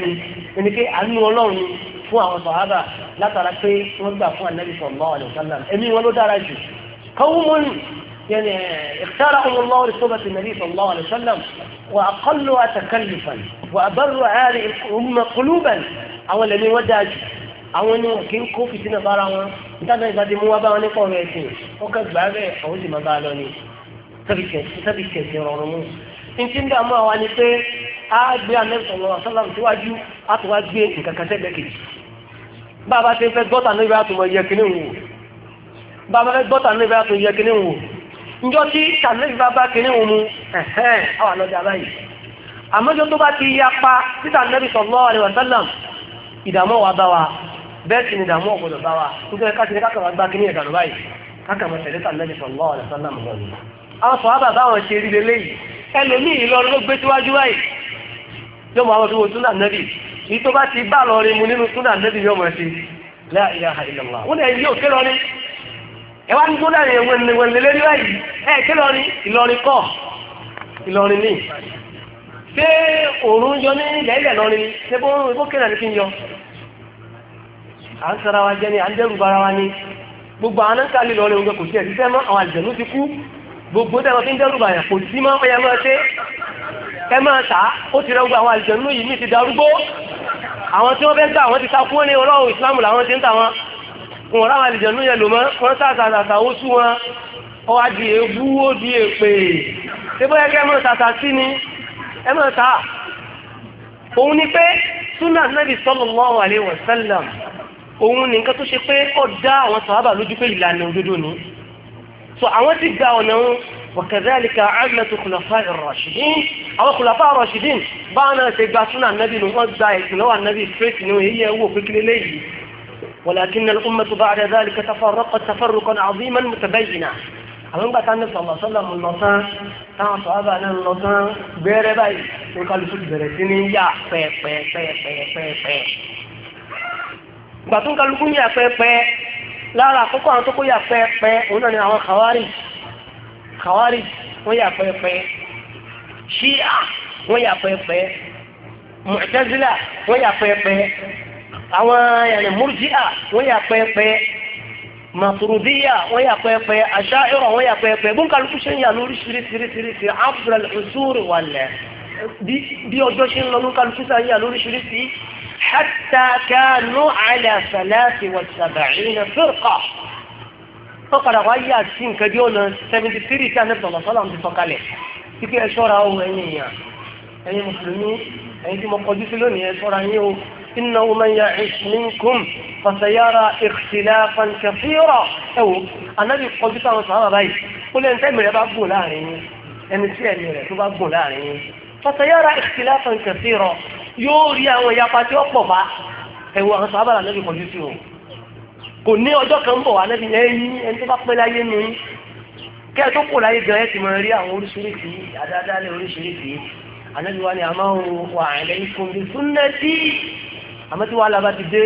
S1: يعني اختارهم الله لصحبة النبي صلى الله عليه وسلم وأقلها تكلفا وأبر هذه الأمة قلوبا أولا من وداج àwọn ni wọn kì í kó fìtínà bára wọn dáadáa ìgbà tí mo wá bá wọn nípa ọ̀rọ̀ ẹ̀sìn wọn kàn gbà bẹ́ẹ̀ àwọn sì máa bá a lọ ni tẹbi kẹsì rọrùn mu. ntí ń dààmú àwa ni pé a gbé anẹ́sọ̀rọ̀ asálàmù síwájú a tún wá gbé nǹkan kan sẹ́gbẹ̀ẹ́ kejì. bá a bá ti fẹ́ gbọ́tà níbi àtúmọ̀ yẹ kínní wò bá a bá fẹ́ gbọ́tà níbi àtúmọ̀ yẹ kínní wò njọ́ tí tàbí bá bá kiri wọn mu ẹ̀hẹ́n àwọn àlọ́jà báyìí àmọ́jọ́ tó bá ti ya pa títà nẹ́bí sallallahu alaihi wasallam ìdààmú wa bá wa bẹ́ẹ̀ sì ni ìdààmú ọ̀gbọ̀dọ̀ bá wa nítorí ká ti ní kákàmọ́ gbá kiri ìdààmú báyìí kákàmọ́ tẹ̀lé tà nẹ́bí sallallahu alaihi wasallam lọ ni. àwọn sọ̀rọ̀ bàbá wọn ṣe rí lélẹ́yìí ẹlòmíì Ìlọrin ló gbé síwájú báyìí yóò máa wọ́n fi wo súnà nẹ́bì yìí tó bá ti bá lọ ẹ wá ní tó dàrí wẹ̀lẹ̀wẹ̀lẹ̀ lórí báyìí ẹ kí lọ rí Ìlọrin kọ́ Ìlọrin ní ṣé òórùn yọ ní ilẹ̀ ilẹ̀ lọrin ni ṣé bó ń bó kéèyàn fi ń yọ à ń sara wa jẹ ni à ń dẹrù bara wa ni gbogbo àwọn náà ń kálí lọrin oúnjẹ kò sí ẹ̀sí sẹ́mọ́ àwọn àlùjẹ̀nu ti kú gbogbo dẹ́wọ́n fi ń dẹrù bàyà kò sí mọ́ ọ̀yà máa ṣe ẹ máa tà á ó ti rẹ gbogbo àwọn àlùjẹ̀nu yìí ní ti darúgbó àwọn tí wọ́n fẹ́ gbà wọ́n ti ta kú ní ọlọ́run ìsìlámù làwọn ti ń tà wọn wọn láwọn àlìjẹ̀nú yẹn lò mọ́ wọn sàtàtàtà ó sú wọn ọwọ́ àdì èébú ó di èpè ebó yẹ kí ẹ mọ̀ tàtà sí ni ẹ mọ̀ tà òun ni pé súnà nàbì sallallahu alaihi wasallam òun ni nǹkan tó ṣe pé ó dá àwọn sàhábà lójú pé ìlànà òdodo ni so àwọn ti gba ọ̀nà wọn وكذلك عمة خلفاء الراشدين أو خلفاء الراشدين بعنا سيباتنا النبي نوضع إسلوى النبي فريت نوهي هو فكر ليه ولكن الأمة بعد ذلك تفرقت تفرقا عظيما متبينا àwọn gbàtà ní sọ̀lọ̀sọ́lọ̀ mú lọ́tán táwọn sọ ábà náà lọ́tán bẹ̀rẹ̀ báyìí ní kálukú bẹ̀rẹ̀ sí ní yà pẹ́ẹ́pẹ́ẹ́pẹ́ẹ́pẹ́ẹ́pẹ́ gbàtún kálukú yà pẹ́ẹ́pẹ́ lára àkókò àwọn tó kó yà pẹ́ẹ́pẹ́ òun náà ni àwọn kàwárì kàwárì wọ́n yà pẹ́ẹ́pẹ́ ṣíà wọ́n yà pẹ́ẹ́pẹ́ mọ̀tẹ́zílà wọ́n yà pẹ́ẹ́pẹ́ àwọn ẹ̀rìn múrjíà wọ́n yà pẹ́ẹ́pẹ́ màtúrúdíyà wọ́n yà pẹ́ẹ́pẹ́ àṣàìrọ̀ wọ́n yà pẹ́ẹ́pẹ́ bóńkàlùkù ṣe ń yà lórí ṣiríṣiríṣiríṣi abdul usur wàlẹ̀ bí ọjọ́ ṣe ń lọ bóńkàlùkù ṣe ń yà lórí ṣiríṣi hatta kanu ala salasi wa sab'ina firqa tó padà wá yà sí nǹkan bí ọ̀nà seventy three tí a ní sọ̀rọ̀ sọ́lá إنه من يعيش منكم فسيرى اختلافا كثيرا أو النبي قد قال صلى الله عليه قل أنت أمر يبقى بولاني أن سيري يبقى بولاني فسيرى اختلافا كثيرا يوريا ويقاتي أقبا ẹ̀wọ̀ àwọn sàábàrà lẹ́bí kọjú sí o kò ní ọjọ́ kan bọ̀ wà lẹ́bí ẹ̀yìn ẹni tó bá pẹ́ láyé nù yín kẹ́ ẹ tó kò láyé gan ẹ ti máa rí àwọn oríṣiríṣi àdáadáa lé oríṣiríṣi ànábi wa ni àmọ́ wà ẹ̀lẹ́yìn kò ní súnlẹ̀ sí àmọ́ tí wàhálà bá ti dé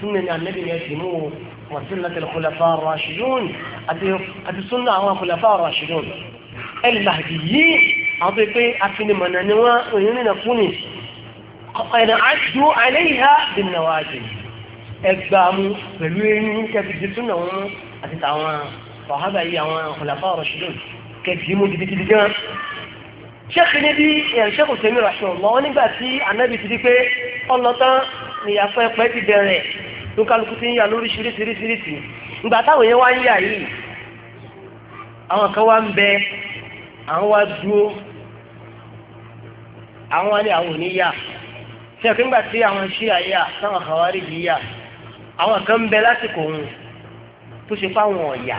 S1: súnmí ní ànábì yẹn sì mú o wọ́n sì lọ́tẹ̀ lọ́kọlẹ́fà rashidun àti súnmọ́ àwọn kọlẹ́fà rashidun ẹlẹ́dàgì yìí àwọn tó pé afinimọ̀nà ni wọ́n òyìn nínà fún ni ọ̀nà àjò àìlẹ́yìnhá bí nàwájì ẹgbàmú pẹ̀lú eyín kẹfì di súnmọ́ wọn àti tàwọn ọ̀hábà yìí àwọn kọlẹ́fà rashidun kẹfì mú gidigidi gan ṣẹ́kì níbi ẹ̀ṣẹ́kù tẹ̀mí rashidun lọ́wọ́ nígbà tí ìyàfẹ́ pẹ́ ti bẹ̀rẹ̀ tó kálukú ti ń yà lórí ṣiríṣiríṣiríṣi ìgbà táwọn yẹn wá ń yà yìí àwọn kan wá ń bẹ àwọn wá dúró àwọn wá ní àwọn òní yà tí ẹ̀kọ́ nígbà tí àwọn ṣí àyà táwọn àwárí yìí yà àwọn kan ń bẹ lásìkò òun tó ṣe fáwọn ọ̀yà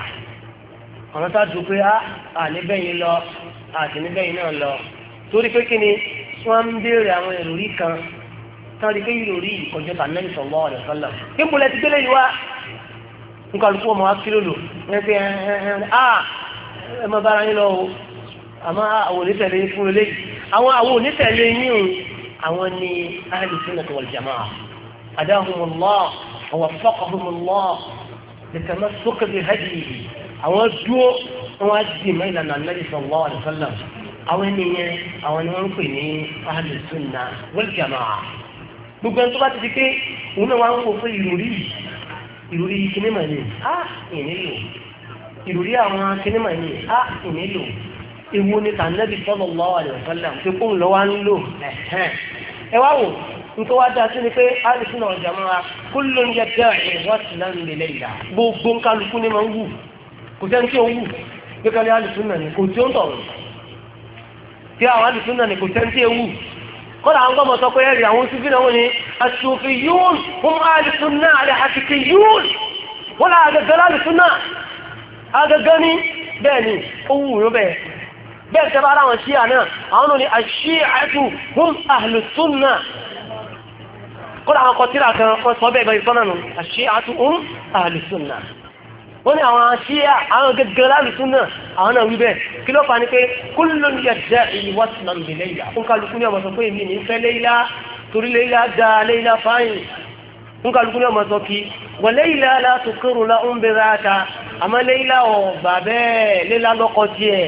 S1: àwọn tá ah, a dùn pé a níbẹ̀yìn lọ àti níbẹ̀yìn náà lọ torí pé kí ni wọ́n ń béèrè àwọn èrò rí kan tán rí léyìn lórí ìkọjọ́ tà nẹ́bí sallallahu alaihi wasallam níbo lẹ ti gbélé yìí wá nǹkan àlùkò ọmọ wa kílò lò ẹ fi ẹ ẹ ah, mọ bára yín lọ o àmọ́ àwọn onítẹ̀lé yín fún eléyìí àwọn àwọn onítẹ̀lé yín o àwọn ni ahlu sunnah wal jamaah hadahumullah wa waffaqahumullah litamassuq bihadyihi àwọn dúró wọn á di mọ ìlànà Nabi sallallahu alaihi àwọn ènìyàn àwọn ni wọn ń pè ní ahlu sunnah wal jamaah gbogbo ẹni tó bá ti di pé òun náà wá ń kó fún ìròrí ìròrí kìnnìmọ̀ ni á ìnílò ìròrí àwọn kìnnìmọ̀ ni á ìnílò ewu ni tànẹ́bì sallallahu alaihi wasallam tí kóun lọ́wọ́ ń lò ẹ wá wò nǹkan wá dáa sí ni pé alice náà jàmọ́ra kullun yadda'i waslan bi layla gbogbo kálukú ni máa ń wù kò sẹ́ni tí ó wù gbẹ́kẹ̀lé alice náà ni kò tí ó ń tọ̀rọ̀ kọ́dà àwọn gbọ́mọ̀ sọ pé ẹ̀rì àwọn sufi náà wọ́n ni asufi yún fún alìsùn náà àlẹ́ àtìkì yún wọ́n là àgẹ̀gẹ̀ lálùsùn náà àgẹ̀gẹ̀ ní bẹ́ẹ̀ ni ó wù ú bẹ́ẹ̀ bẹ́ẹ̀ tẹ́ bá ara wọn ṣíà náà àwọn ni àṣíàtù fún fún alìsùn náà wọ́n ní àwọn ṣíyà àwọn gẹ́gẹ́ lálùsùn náà àwọn náà wí bẹ́ẹ̀ kí ló fà ní pé kúlò ní ẹ̀jẹ̀ ìlú wọ́n ti lọ́nà ìlẹ̀ ìyá fún kálukú ní ọmọ sọ èmi ní fẹ́ léyìlá torí léyìlá da léyìlá fáyìn fún ní ọmọ sọ wọ́n léyìlá látò kérò la ń bẹ̀rẹ̀ ata àmọ́ léyìlá ọ̀bà bẹ́ẹ̀ léyìlá lọ́kọ tiẹ̀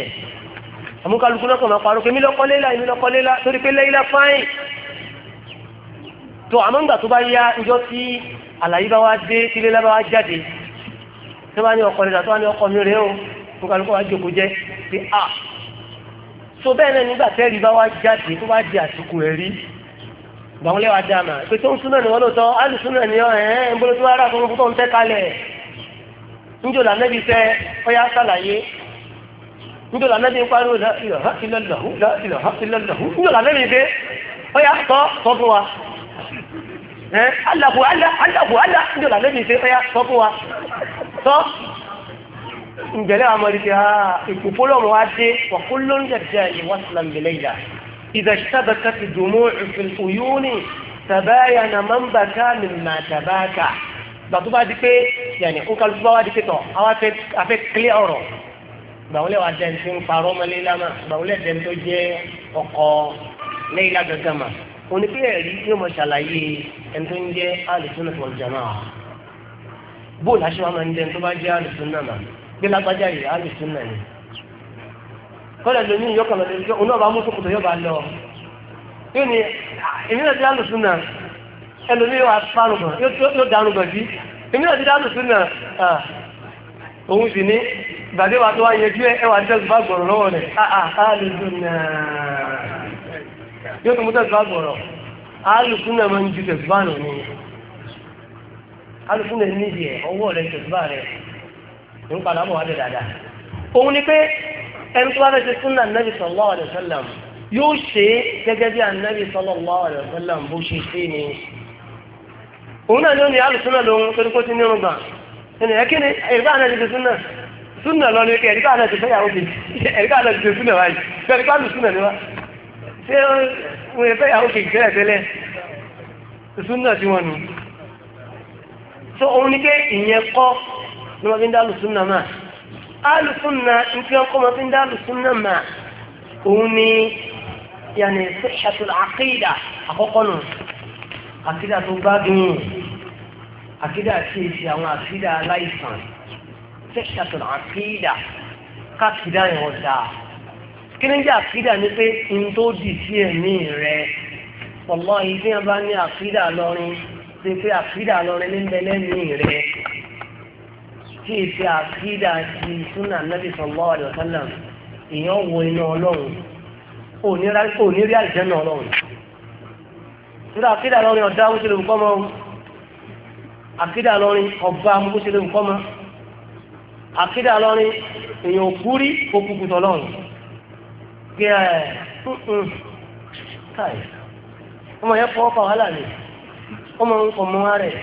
S1: àmú kálukú náà kò máa parọ́ kémi lọ́kọ́ léyìlá èmi lọ́kọ́ léyìlá torí pé léyìlá fáyìn tó bá ní ọkọ̀ rẹ̀ tó bá ní ọkọ̀ mi rẹ̀ o tó kálukú wa jòkó jẹ́ pé a so bẹ́ẹ̀ náà nígbà tẹ́rì bá wá jáde tó bá di àsìkò ẹ̀ rí gbàwọn lẹ́wà dáàmà pé tó ń súnà ní wọ́n lóòótọ́ á lè súnà ní ọ̀hẹ́n ń bolo tó rárá fún tó ń tẹ́ kalẹ̀ níjòlá nẹ́bí fẹ́ ọyá sàlàyé níjòlá nẹ́bí pariwo tọ́ ǹjẹ́lẹ́ àwọn ọmọdé ti ah, ha ìkùpọ́lọ́mù wa dé wà kó ló ń jẹ̀jẹ̀ ìwà sílámìlẹ̀ yà إذا اشتبكت الدموع في العيون تباين من بكى مما تباكى gbà tó bá di pé yẹnì ń kalu tó bá wá di pé tọ àwa fẹ́ afẹ kílẹ ọ̀rọ̀ gbà wọlé wa dẹni tó ń parọ́ ọmọ léyìnlá ma gbà ọkọ léyìnlá gàgà òní pé ẹrí yóò mọ ṣàlàyé ẹni ń jẹ alùpùpù wal jamaa bó làṣẹ wa máa ń dẹni tó bá jẹ́ àlùsùn náà mà gbé lágbájá yìí àlùsùn náà ni kọ́lẹ̀ lóní ìyọ́kàn lọ́dẹ ìjọ òun náà bá mú sókòtò yóò bá lọ yóò ní èmi náà ti àlùsùn náà ẹlòmí yóò afárùn kan yóò dànù gan bí èmi náà ti àlùsùn òun sì ní ìgbàdé wa tó wá yẹjú ẹwà tẹ́sí bá gbọ̀rọ̀ lọ́wọ́ rẹ̀ àlùsùn yóò tó mú tẹ́sí bá gbọ̀rọ̀ àlùsùn máa ń ju tẹ̀sí bá nù ní alùpùpù lè ní ìdíyẹ ọwọ́ rẹ̀ tòṣùbà rẹ̀ ń padà bọ̀ wá dé dáadáa. òun ni pé ẹni tó bá fẹ́ ṣe súnà nàbì sallallahu alaihi wasallam yóò ṣe é gẹ́gẹ́ bí ànábì sallallahu alaihi wasallam bó ṣe ṣe ni. òun náà ló ní alùsùnà lòun torí kó ti nírun gbà ẹnì ẹ kí ni ẹ̀ríkà àná ti ṣe súnà súnà lọ ni ẹ̀ríkà àná ti ti ṣe súnà so òun ni pé ìyẹn kọ́ ni wọ́n fi ń dá lùsùn náà mà alùsùnà nfi ọkọ ma fi ń dá alùsùnà mà òun ni yàní sèṣàtò àkéèdà àkọ́kọ́ nù àkéèdà tó gbádùn àkéèdà tí ì ṣe àwọn àkéèdà aláìsàn sèṣàtò àkéèdà káàkiri àyàn ọ̀dà kí ni jẹ́ àkéèdà ni pé n tó dì sí ẹ̀mí rẹ̀ pọ̀lọ́ ìdí bá ní àkéèdà lọ́rin ṣe pé àkídà lọrin ní mẹlẹ́mìí rẹ tí ìṣe àkídà ti súnà nàbì sallallahu alaihi wasallam èèyàn wo iná ọlọ́run òníri àìjẹ́nà ọlọ́run nígbà àkídà lọrin ọ̀dá bó ṣe lè kọ́ mọ́ àkídà lọrin ọba bó ṣe lè kọ́ mọ́ àkídà lọrin èèyàn òkúrí òkùnkùn tọ́lọ́run kí ẹ ọmọ yẹn fọwọ́ pa wàhálà ni ó máa ń kọ mọ́ rẹ̀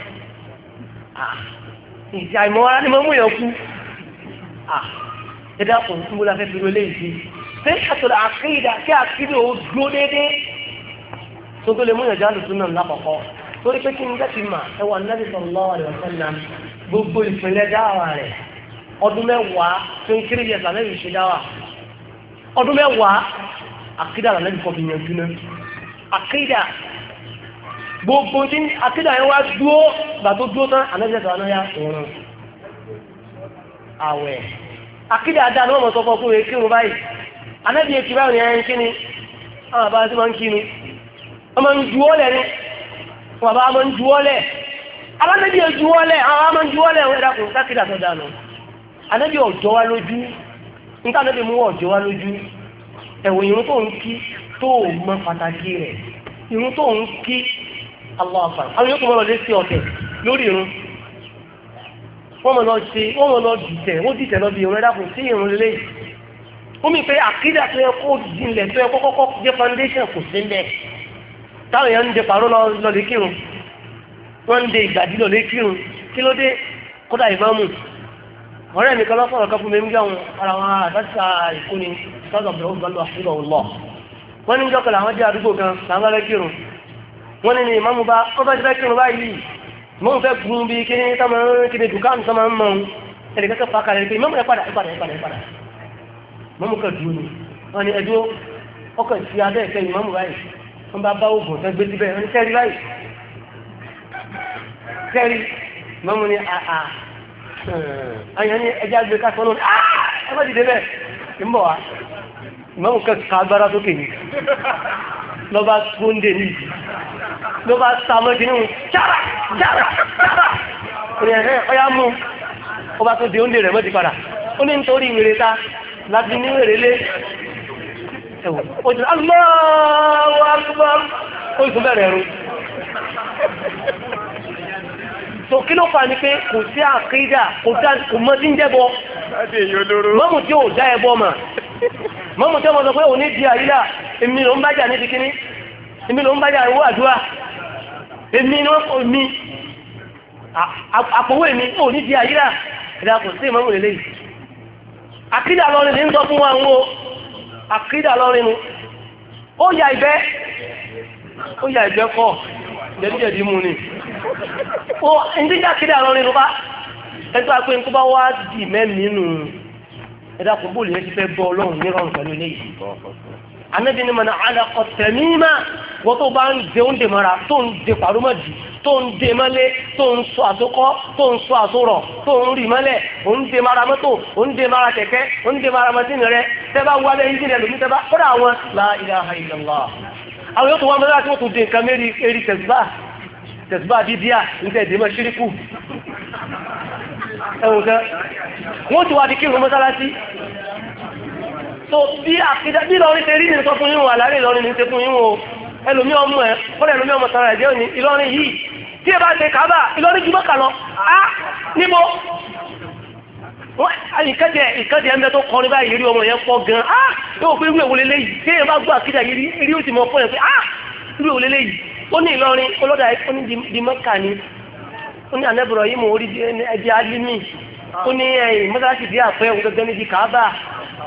S1: ìdí àìmọ́ra ni máa mú yàn kú ẹ̀dá kò ń túnbó láfẹ́ fèrè lé ìdí ṣé àtọ̀dọ̀ àkéèdà kí àkéèdè ó dúró déédéé tó tó lè mú yàn jáde tó náà lápapọ̀ torí pé kí n dẹ́ti mà ẹwà nàbì sallallahu alaihi wasallam gbogbo ìpínlẹ̀ dáwà rẹ̀ ọdún mẹ́wàá tó ń kéré yẹn sàlẹ̀ ìṣe dáwà ọdún mẹ́wàá àkéèdà làlẹ́ gbogbo ní akéda yẹn wá dúó gbà tó dúó tán àná ya òun àwẹ̀ akéda ni wọ́n mọ̀ sọ fún ọkùnrin báyìí àwọn àbá sí máa ń wọ́n máa ń lẹ̀ ni wọ́n àbá máa ń lẹ̀ lẹ̀ àwọn àbá máa ń lẹ̀ ẹ̀dá kò tó ọ̀jọ́ wa lójú níta anábì mú ọ̀jọ́ àwọn àfà àwọn yóò kó mọ́ lọ lé sí ọ̀tẹ̀ lórí irun wọ́n mọ̀ lọ ṣe wọ́n mọ̀ lọ dìtẹ̀ wọ́n dìtẹ̀ lọ bí irun ẹ̀dá sí irun lélẹ̀ omi pé àkídà tó yẹ kó jinlẹ̀ tó yẹ kó kọ́kọ́ jẹ́ foundation kò sí mbẹ́ táwọn yẹn ń de pàrọ̀ lọ lé kírun wọ́n ń de ìgbàdí lọ lé kírun kí ló dé kódà ìmáàmù ọ̀rẹ́ mi kan lọ sọ̀rọ̀ kan fún mi ń gbà wọn ara wọn àbáṣà ìkóni sọ́dọ̀ bẹ̀rẹ̀ ó gbà lọ àṣírò wọ́n ní ní ìmáàmù bá wọ́n bá ti fẹ́ kírun báyìí mọ́ fẹ́ gun bí kí ní tọ́mọ kíbi dùkánù tọ́mọ ń mọ̀un ẹ̀rì kẹ́kẹ́ fàákà rẹ̀ pé ìmáàmù rẹ̀ padà padà padà padà mọ́mù kan dùn ní wọ́n ní ẹjọ́ ọkọ̀ ìfi abẹ́ ìfẹ́ ìmáàmù báyìí wọ́n bá bá oògùn tẹ́ gbé síbẹ̀ wọ́n ní sẹ́rí báyìí sẹ́rí mọ́mù ní
S3: àà
S1: ló bá túndé ní ló bá sàmọ́jì ní ṣára ṣára ṣára ìrẹ̀rẹ̀ ọya mú ó bá tó di oúnjẹ rẹ̀ mọ́ti padà ó ní nítorí ìrẹ̀rẹ̀ ta láti ní ìrẹ̀lẹ̀ ẹ̀wọ̀ ojú aláwọ̀ akúbọ̀
S3: ó ìtún bẹ̀rẹ̀ ẹ̀rù
S1: tó kí ló fa ni pé kò sí àkídà kò mọ́ sí ń jẹ́bọ mọ́mù tí ò dá ẹbọ mà mọ́mù tí wọ́n sọ pé òní di àyílà èmi ló ń bájà níbi kíní èmi ló ń bájà owó àdúrà èmi ló ń mi àpòwò èmi òní di àyílà ẹ̀dá kò sí ìmọ̀mù lélẹ́yìí àkídà lọ́rin ní ń sọ fún wa ń wo àkídà lọ́rin nu ó yà ìbẹ́ ó yà ìbẹ́ kọ́
S3: jẹ́díjẹ́dí mú ni
S1: ó ń díjà àkídà lọ́rin nu bá ẹ̀tọ́ àpé ń kó bá wá dì mẹ́mìí nù ẹ̀dá kò bóòlù yẹn ti fẹ́ gbọ́ ọlọ́run nírọ̀rùn pẹ̀lú eléyìí. anabi ni mọ̀nà alakọ̀ tẹ̀mí mà wọ́n tó bá ń de oúnjẹ mọ́ra tó ń de pàrọ́mọ́dì tó ń de mọ́lé tó ń sọ àsokọ́ tó ń sọ àsorọ̀ tó ń rì mọ́lẹ̀ ó ń de mara mọ́tò ó ń de mara kẹ̀kẹ́ ó ń de mara mọ́tìnì rẹ tẹ́bá wà bẹ́ẹ̀ yíjì rẹ lómi tẹ́bá kọ́dà àwọn la ilaha illallah. àwọn yóò tó wá mọ́lá tí wọ́n tún de nǹkan mẹ́rin eré tẹ̀síbá tẹ̀síbá dídíà ń tẹ̀ ṣíríkù ẹ̀wọ̀n kan wọ́n ti wá di kírun mọ́sálásí tó bí àkídá bí lọrin ṣe rí ní sọ fún yín wà láàrin ìlọrin ní ṣe fún yín o ẹlòmí ọmọ ẹ fọlẹ ẹlòmí ọmọ tara ẹjẹ òní ìlọrin yìí tí ẹ bá ṣe kábà ìlọrin jùmọ̀ kà lọ
S3: á níbo
S1: ìkẹ́jẹ ìkẹ́jẹ ẹ̀mẹ tó kọrin báyìí rí ọmọ yẹn pọ̀ gan á yóò fi wíwèwò lélẹ́ yìí tí ẹ bá gbọ́ àkídá yìí rí ó sì mọ fún ẹ pé á wíwèwò lélẹ́ yìí ó ní ìlọrin ọlọ́dà ó ní dimọ́kà ni ó ní ànẹ́bùrọ̀ yìí mò ń rí ẹjẹ alimi ó ní ẹ̀yìn mọ́tàlásì bí àpẹ́ òun gẹ́gẹ́ níbi kábà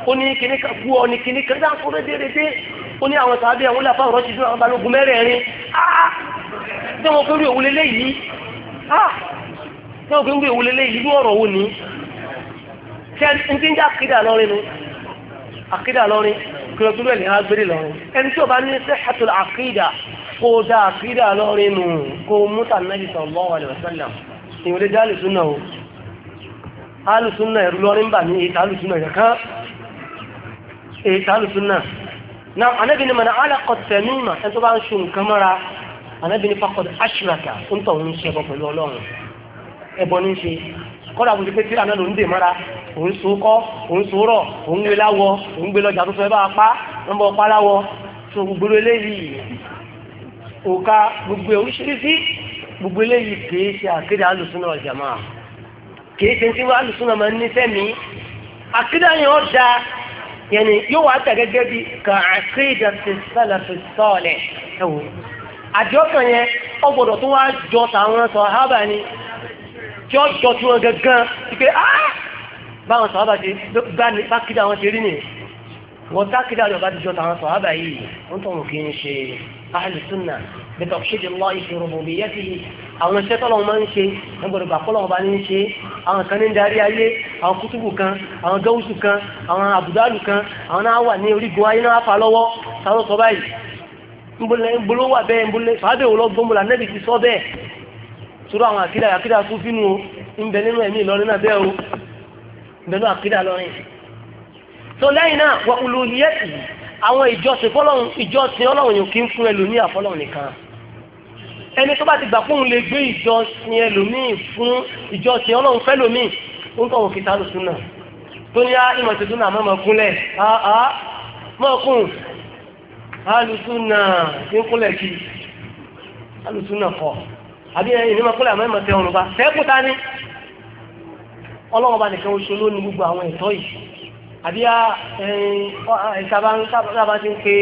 S1: ó ní kíní kan bú ọ ní kíní kan dáhùn tó rédérédé ó ní àwọn sàábẹ̀ àwọn làfà ọ̀rọ̀ ṣiṣẹ́ àwọn balógun mẹ́rẹ̀ẹ̀rin áá tí wọ́n fi ń rí òwúlé léyìí áá ah. tí wọ́n fi ń rí òwúlé léyìí bí ọ̀rọ̀ wo ni ṣe ń tí ń já kídà lọ́rin nu àkídà lọ́rin kí ọdún rẹ̀ ní agbèrè lọ́rin ẹni tí ó bá ní sẹ́hàtù àkídà kó dá àkídà lọ́rin nù kó mútà nàbì sallallahu alaihi wasallam ìwòlé jẹ́ alùsùnà o alùsùnà ẹ̀rù lọ́rin bà ní ìta alùsùnà ìyàkán èyí sàálù súnà na anábì ni mana alákọ̀ tẹ̀mí mà ẹni ba bá ń ṣe nǹkan mọ́ra anábì ni fakọ̀ aṣíraka ń tọ̀ pelu ṣe ẹbọ pẹ̀lú ọlọ́run ẹbọ ní ṣe kọ́dà kò sí pé tíra náà ló ń dè mọ́ra òun so kọ́ sọ pa yẹni yóò wá tẹ̀ gẹ́gẹ́ bí ka àkéèdà ti sẹ́lẹ̀ fi sọ́ọ̀lẹ̀ ẹ̀wò àjọkàn yẹn ó gbọ́dọ̀ tó wá jọ tàwọn sàhábà ni tí ó jọ tí wọn gangan pé áá báwọn sàhábà ti bá ní bá kídà wọn ti rí nìyẹn wọn tá kídà rẹ̀ bá ti jọ tàwọn sàhábà yìí wọn tó wọn kì í ṣe ahlu sunna bi tawhid Allah fi rububiyyatihi àwọn iṣẹ́ tọ́lọ̀ máa ń ṣe ẹgbẹ̀rún bàkọ́lọ̀ ọba ní ń ṣe àwọn kan ní ń darí ayé àwọn kútùbù kan àwọn gẹ́wùsù kan àwọn àbùdálù kan àwọn náà wà ní orígun ayé náà fà lọ́wọ́ sáwọn báyìí nbolo àwọn ìjọsìn fọlọ́run ìjọsìn ọlọ́run yòókì ń fún ẹlòmíì àfọlọ́run nìkan ẹni tó bá ti gbà fóun lè gbé ìjọsìn ẹlòmíì fún ìjọsìn ọlọ́run fẹ́lòmíì ó ń tọ̀wọ̀ kìtà lùsùn náà tó ní á ah, ìmọ̀ ìṣètò náà mọ̀ kúnlẹ̀ ah, ah, àá mọ̀ kún alùsùn náà ti ń kúnlẹ̀ kí alùsùn náà kọ̀ àbí ẹni mọ̀ kúnlẹ̀ àmọ́ ìmọ̀ tẹ ọ̀run bá fẹ́ kúta àbí ìsábà ti ń pe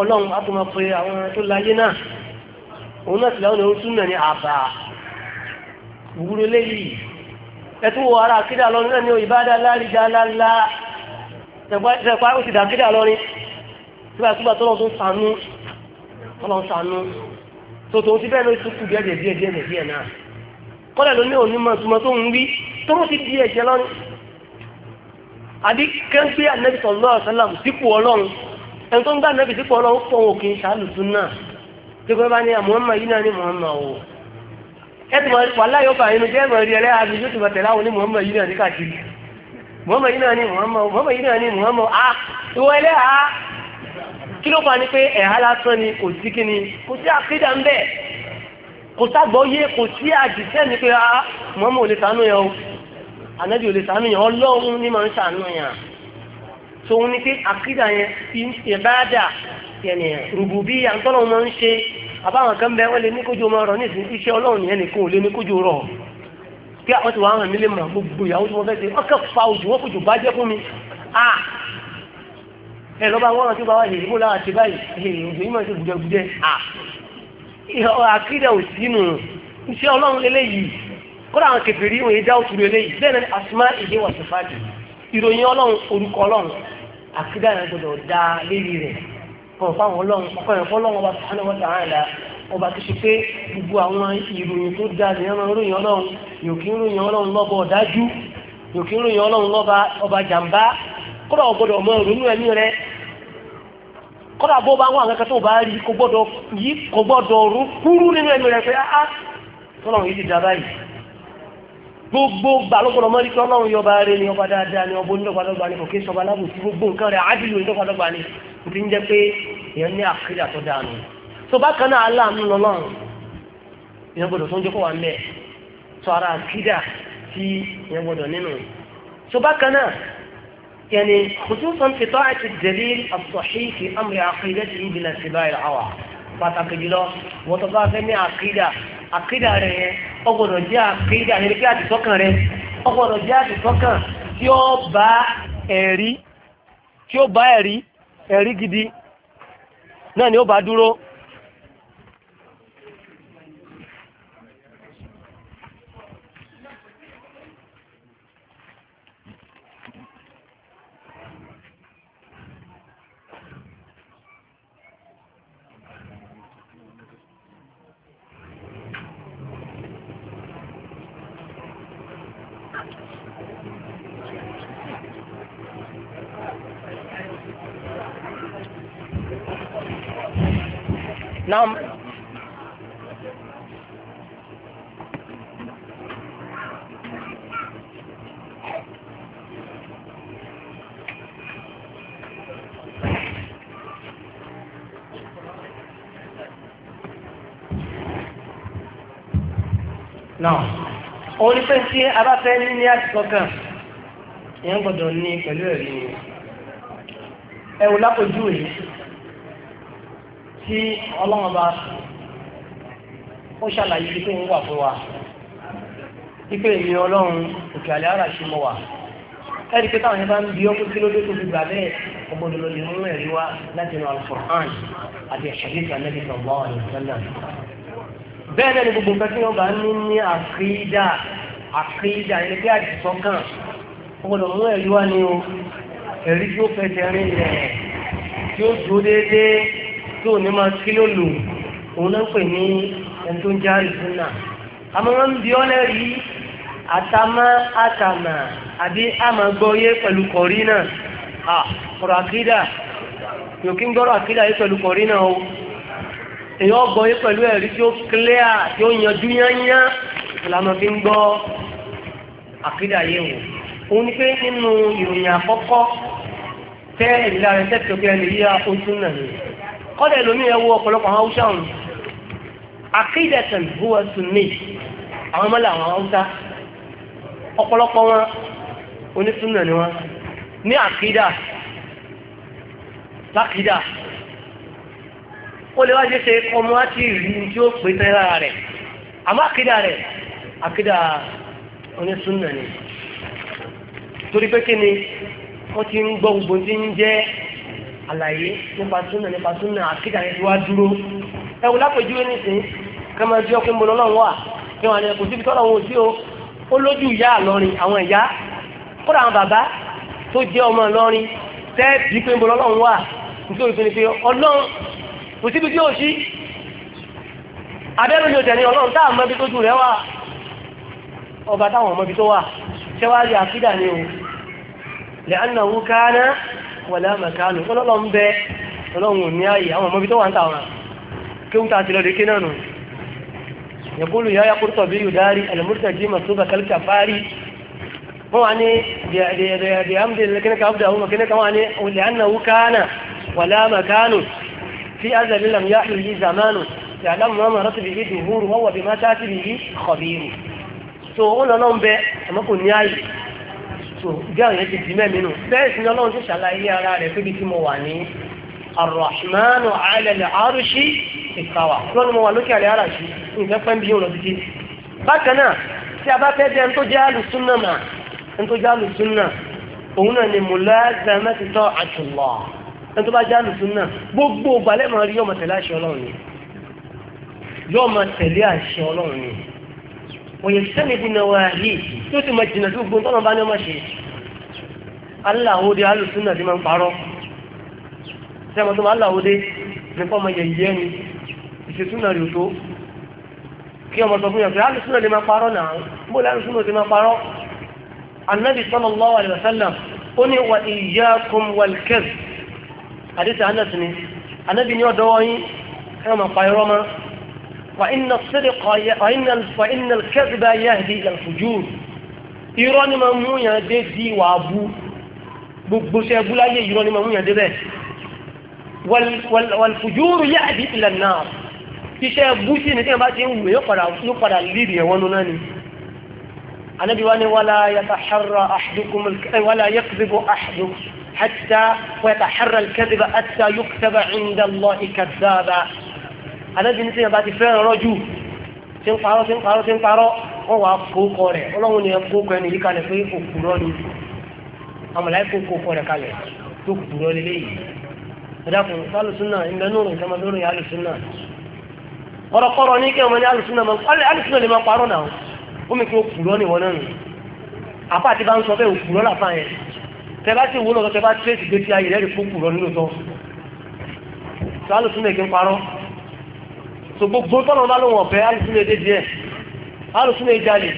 S1: ọlọ́run átùmọ̀ pé àwọn tó láyé náà òun náà tìlẹ́ òun súnmọ̀ ní àbà ìwúrò léyìí ẹ̀tún wo ara àkídà lọ náà ní ìbádá láríjá lálá ṣẹ̀pá ó ti dàkídà lọ́rin sígbàkúgbà tó lọ́ tó sànú ọlọ́run sànú tó tó ti bẹ́ẹ̀ ló ti kù díẹ̀ díẹ̀ díẹ̀ díẹ̀ náà kọ́lẹ̀ ló ní òní mọ̀ tó ń àbí kẹ́ńpé ànábì sallallahu alaihi wasallam sípò ọlọ́run ẹni tó ń gbà ànábì sípò ọlọ́run pọ̀ wọn kì náà tí kò bá ní Muhammad yìí náà ní Muhammad o ẹ ti máa wà láyọ̀ bá inú jẹ́ ìmọ̀rí ẹlẹ́ àbí yóò ti tẹ̀lé àwọn ní Muhammad yìí náà ní káàkiri Muhammad yìí náà ní Muhammad Muhammad yìí náà ní Muhammad a ah, ìwọ ni pé ẹ̀há lásán ni kò sí kí ni ni pé ah, Muhammad ò lè sànú ànábì ò lè sàánú yàn ọlọ́run ní máa ń sàánú yàn tòun ni pé àkídà yẹn fi ń ṣe báàdà yẹn rùbù bí àtọ́lọ́run máa ń ṣe àbáwọn kan bẹ wọ́n lè ní kójú máa rọ̀ ní ìsìn iṣẹ́ ọlọ́run yẹn nìkan ò lè ní kójú rọ̀ kí àwọn ti wà hàn mí lè mọ̀ gbogbo ìyàwó tí wọ́n fẹ́ ṣe wọ́n fa òjò wọ́n fojú bá jẹ́ fún mi ah ẹ lọ́ba wọn ti bá wà lè rígbó láwa ti òjò yìí kọlọ àwọn kẹfìrí òun yìí dá òtúrú eléyìí bẹ́ẹ̀ ni asma ìdí wà sí fàájì ìròyìn ọlọ́run orúkọ ọlọ́run àkídà yẹn gbọdọ̀ dá lérí rẹ̀ kọ̀ fáwọn ọlọ́run ọkọ̀ yẹn ọba sàánù wọ́n ọba tó ṣe gbogbo àwọn ìròyìn tó dá ọlọ́run yòókì ọlọ́run lọ́bọ̀ ọ̀dájú gbogbo gbà lọ́kọ̀ọ́ mọ́rí tí ọlọ́run yọba rẹ ni ọba dáadáa ni ọba onídọ́gbàdọ́gba ni òkè sọba lábò tí gbogbo nǹkan rẹ̀ ádìlú onídọ́gbàdọ́gba ni kò fi ń jẹ́ pé èèyàn ní àkídà tó dáa nù tó bá kan náà aláàánú lọ́lọ́run èèyàn gbọ́dọ̀ tó ń jókòó wà mẹ́ẹ̀ tó ara àkídà tí èèyàn gbọ́dọ̀ nínú tó bá kan náà yẹni khususan fi tó bá fẹ́ ní àkídà rẹ̀ yẹn ọgbọ̀dọ̀ jẹ́ àkídà rẹ̀ kí àtìsọ́kàn rẹ̀ ọgbọ̀dọ̀ jẹ́ àtìsọ́kàn tí ó bá ẹ̀rí tí ó bá gidi náà ni ó dúró tí a bá fẹ́ ní ní àti kọkàn èèyàn gbọ́dọ̀ ní pẹ̀lú ẹ̀rí ni ẹ wò lápòjú yìí tí ọlọ́run bá ó ṣàlàyé ibi tó ń wà fún wa ipe èmi ọlọ́run òkè àlẹ́ ara ṣe mọ́ wa ẹ̀rí pé táwọn yẹn bá ń bi ọkùn kí ló dé tó fi gbà bẹ́ẹ̀ ọgbọ́dọ̀ ló lè mú ẹ̀rí wá láti inú al àti ẹ̀ṣẹ̀dẹ́sì Ànábì sallallahu alaihi wasallam bẹ́ẹ̀ ni gbogbo nǹkan tí wọ́n bá ń ní ní àkídà àkídà ilé bí àdìsọ́kàn ọgbọ̀dọ̀ mú ẹ̀rí wá ní o ẹ̀rí tí ó fẹsẹ̀ rìn rẹ̀ tí ó dúró déédéé tí ò ní máa kí ló lò òun náà ń pè ní ẹni tó ń já ìfúnà àmọ́ wọn ń bí ọ́ lẹ́rìí àtàmà àtàmà àbí àmàgbọ́yé pẹ̀lú kọ̀rí náà à ọ̀rọ̀ àkídà yóò kí ń gbọ́rọ̀ àkídà yé pẹ̀lú kọ̀rí náà o èyí ọgbọ́yé pẹ̀lú ẹ̀rí tí ó kílíà tí ó yanjú yányá ìlànà fi ń gbọ́ àkídà yé wò òun ni pé nínú ìròyìn àkọ́kọ́ tẹ́ ìlà rẹ̀ tẹ́tọ̀ pé ẹni yíya ojú náà ni kọ́dẹ̀ lómi ẹ̀ wo ọ̀pọ̀lọpọ̀ àwọn haúsá òun àkídà tàn búwa sunni àwọn ọmọlẹ̀ àwọn haúsá ọ̀pọ̀lọpọ̀ wọn onísúnnà ni wọn ní àkídà lákídà ó lè wá ṣe ṣe ọmọ láti rí tí ó pè tẹ́lára rẹ̀ àmọ́ àkídà rẹ̀ àkídà oní súnà ni torí pé kí ni wọ́n ti ń gbọ́ gbogbo tí ń jẹ́ àlàyé nípa súnà nípa súnà àkíkà yẹn ti wá dúró ẹ wò lápèjúwe nìsín ká máa jẹ́ ọkùnrin bọ̀lọ́ lọ́wọ́ à kí wọ́n á ní kò síbi tọ́lọ̀ wọn ò sí o ó lójú ìyá àlọ́rin àwọn ìyá kódà àwọn bàbá tó jẹ́ ọmọ ìlọrin tẹ́ẹ̀bì pé bọ́ lọ́lọ́run wà nítorí òfin ni pé ọlọ́run kò síbi tí ó sí abẹ́rù ni òtẹ̀ ni ọlọ́run táà mọ́ ọba táwọn ọmọ ibi tó wà tẹ́wàárí àkídà ni o lẹ́ànàwó káánà wọ̀lá mẹ́kánù ọlọ́lọ́ ń bẹ ọlọ́run ní ààyè àwọn ọmọ ibi tó wà ń tàwọn kéhùn tàà ti lọ lè ké náà nù yẹ̀kúlù yá yá kúrútọ̀ bí yóò dárí ẹ̀lẹ́múrútọ̀ jí mà sóbà kálíkà fárí wọ́n wá ní lẹ́ànàwó káánà wọ̀lá mẹ́kánù fi azalin lam yáhùn yí zamanu yàdá mọ́ so ó lọ lọ́n bẹ àmọ́ kò ní ààyè so bí àwọn yẹn ti di mẹ́mi nù bẹ́ẹ̀ sì ni ọlọ́run ti ṣàlàyé ara rẹ̀ pé bí tí mo wà ní arrahmanu ala al-arshi istawa lọ́nà mo wà lókè àlẹ́ àràṣì nǹkan pẹ́ ń bí yóò lọ títí bákan náà tí tẹ̀lé àṣẹ ọlọ́run ni wòye sẹ́ni ti nà wáyà yìí tí ó sì máa jìnà sí gbogbo tọ́nà bá ní ọmọ ṣe aláwòde alùsùnà ti máa ń parọ́ sẹ́wọ̀n tó máa aláwòde nípa ọmọ yẹ̀yẹ́ ni ìṣètúnà rè tó kí ọmọ sọ fún yàn pé alùsùnà lè máa parọ́ náà mo lè máa parọ́ فإن الصدق فإن فإن الكذب يهدي إلى الفجور إيران مامويا ديدي وابو بوسي أبو لاي إيران مامويا ديدي والفجور يهدي إلى النار كيشي أبوسي نتين باتين ويقرا ويقرا ليبيا ونوناني النبي واني ولا يتحرى أحدكم ولا يكذب أحد حتى ويتحرى الكذب حتى يكتب عند الله كذابا anábì ní sèyàn bá ti fẹ́ràn rọ́jú tí ń parọ́ tí ń parọ́ tí ń parọ́ wọ́n wàá kókọ rẹ̀ ọlọ́run ni ẹ kókọ ẹni yìí kalẹ̀ pé òkúrọ́ ni àmàlàyé kókọ rẹ̀ kalẹ̀ tó kúrọ́ lélẹ́yìí ẹ̀dàkùn sálùsúnà ìmẹ́nùrù ìtàmọ́dúnrù yà alùsúnà ọ̀rọ̀kọ́rọ̀ ní kí ọmọ ní alùsúnà mọ́ alùsúnà lè máa parọ́ náà ó mi kí ó kúrọ́ ní wọn náà nù apá àti bá ń sọ bẹ́ẹ̀ òkúrọ́ làfà yẹn tẹ bá ti wúlò tẹ bá tírèsì so gbogbo tọ́nà bá lóun ọ̀fẹ́ alùsùn lè dédìí ẹ̀ alùsùn lè jalè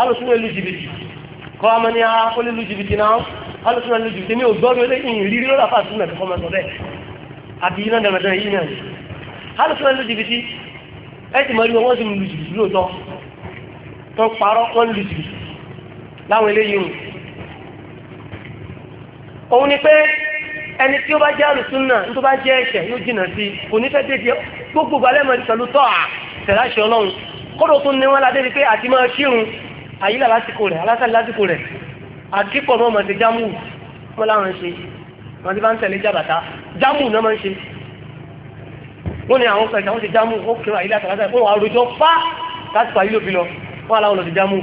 S1: alùsùn lè lu jìbìtì kọ́ ọmọ ní akọ́ lè lu jìbìtì náà alùsùn lè lu jìbìtì ní ògbọ́dọ̀ ilé ìrírí lọ́dà fàásùn náà kọ́ mọ́tò bẹ́ẹ̀ àti iná dẹ̀mẹ̀dẹ̀ yìí náà alùsùn lè lu jìbìtì ẹ ti mọ̀ ní wọ́n ti lu jìbìtì lóòótọ́ tó parọ́ wọ́n lu jìbìtì láwọn eléyìí hù òun ni pé ẹni tí ó bá jẹ́ alùsùn náà ní tó bá jẹ́ ẹ̀ṣẹ̀ yóò jìnà sí kò ní fẹ́ dédìí gbogbo gbalẹ̀ mọ̀ pẹ̀lú tọ́à tẹ̀láṣẹ ọlọ́run kọ́dọ̀ tó ní wọn ládé ni pé àti máa kírun àyílà lásìkò rẹ̀ alásàlì lásìkò rẹ̀ àdìpọ̀ mọ́ màtí jámù wọn láwọn ṣe wọn ti bá ń tẹ̀lé jàbàtà jámù náà máa ń ṣe wọn ni àwọn kẹsàn-án ti jámù ó kírun àyílà tàlásà fún àwọn àròjọ fá lásìkò àyílò bí lọ wọn làwọn lọ ti jámù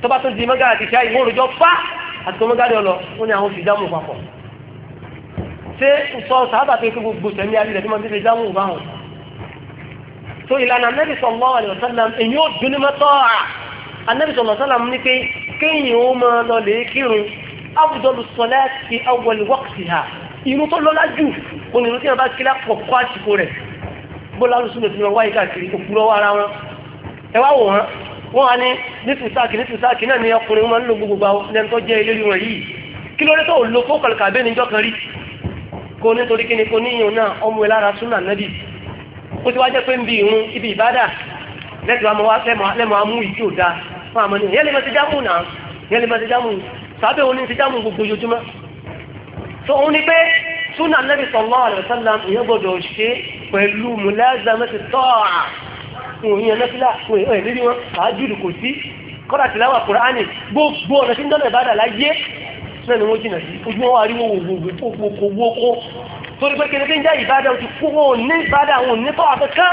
S1: tọ́ba tó di mọ́gà àti ṣáà ìwọ́n òròjọ fá àti tọ́mọ́gà rẹ̀ lọ ni àwọn ti jámù papọ̀ ṣé sọ sábà pé gbogbo tẹ̀lé alẹ́ so ìlànà anabi sallallahu alaihi wasallam èyí ò dún ní mẹ́tọ́ à anabi sallallahu alaihi wasallam ní pé kéèyàn ó máa lọ lè kírun afdalu salati fi awwal waqtiha irun tó lọ́lá jù kò nínú tí wọ́n bá kílá pọ̀ kọ́ àsìkò rẹ̀ bọ́lá lùsùlù tí wọ́n wáyé káàkiri òkúrọ́ ara wọn ẹ wá wò wọn wọ́n wá ní nífùsáàkì nífùsáàkì náà ni ọkùnrin wọn lò gbogbo ẹni tó jẹ́ ilé ó ti wá jẹ́ pé ń bi ìrun ibi ìbádà lẹ́tọ̀ àmọ́ wá lẹ́mọ̀ amú ìjú ò dáa fún àmọ́ ní ìyẹn lè máa ti dámù náà ìyẹn lè máa ti dámù sábẹ́ òun ní ti dámù gbogbo ojoojúmọ́ tó òun ni pé súnà Nabi sallallahu alaihi wasallam ìyẹn gbọ́dọ̀ ṣe pẹ̀lú mulazamati ta'a òun yẹn nẹ́fílà òun ẹ̀ lérí wọn àájúdù kò sí kọ́dà tìláwà kùránì gbogbo ọ̀nà tí ń dọ́nà ìbádà láyé náà ni wọ́n jìnà sí ojú wọn torí pé kìnnìkì ń jẹ́ ìbádà òtù kú wọn ò ní ìbádà àwọn òní tọ́wà kankan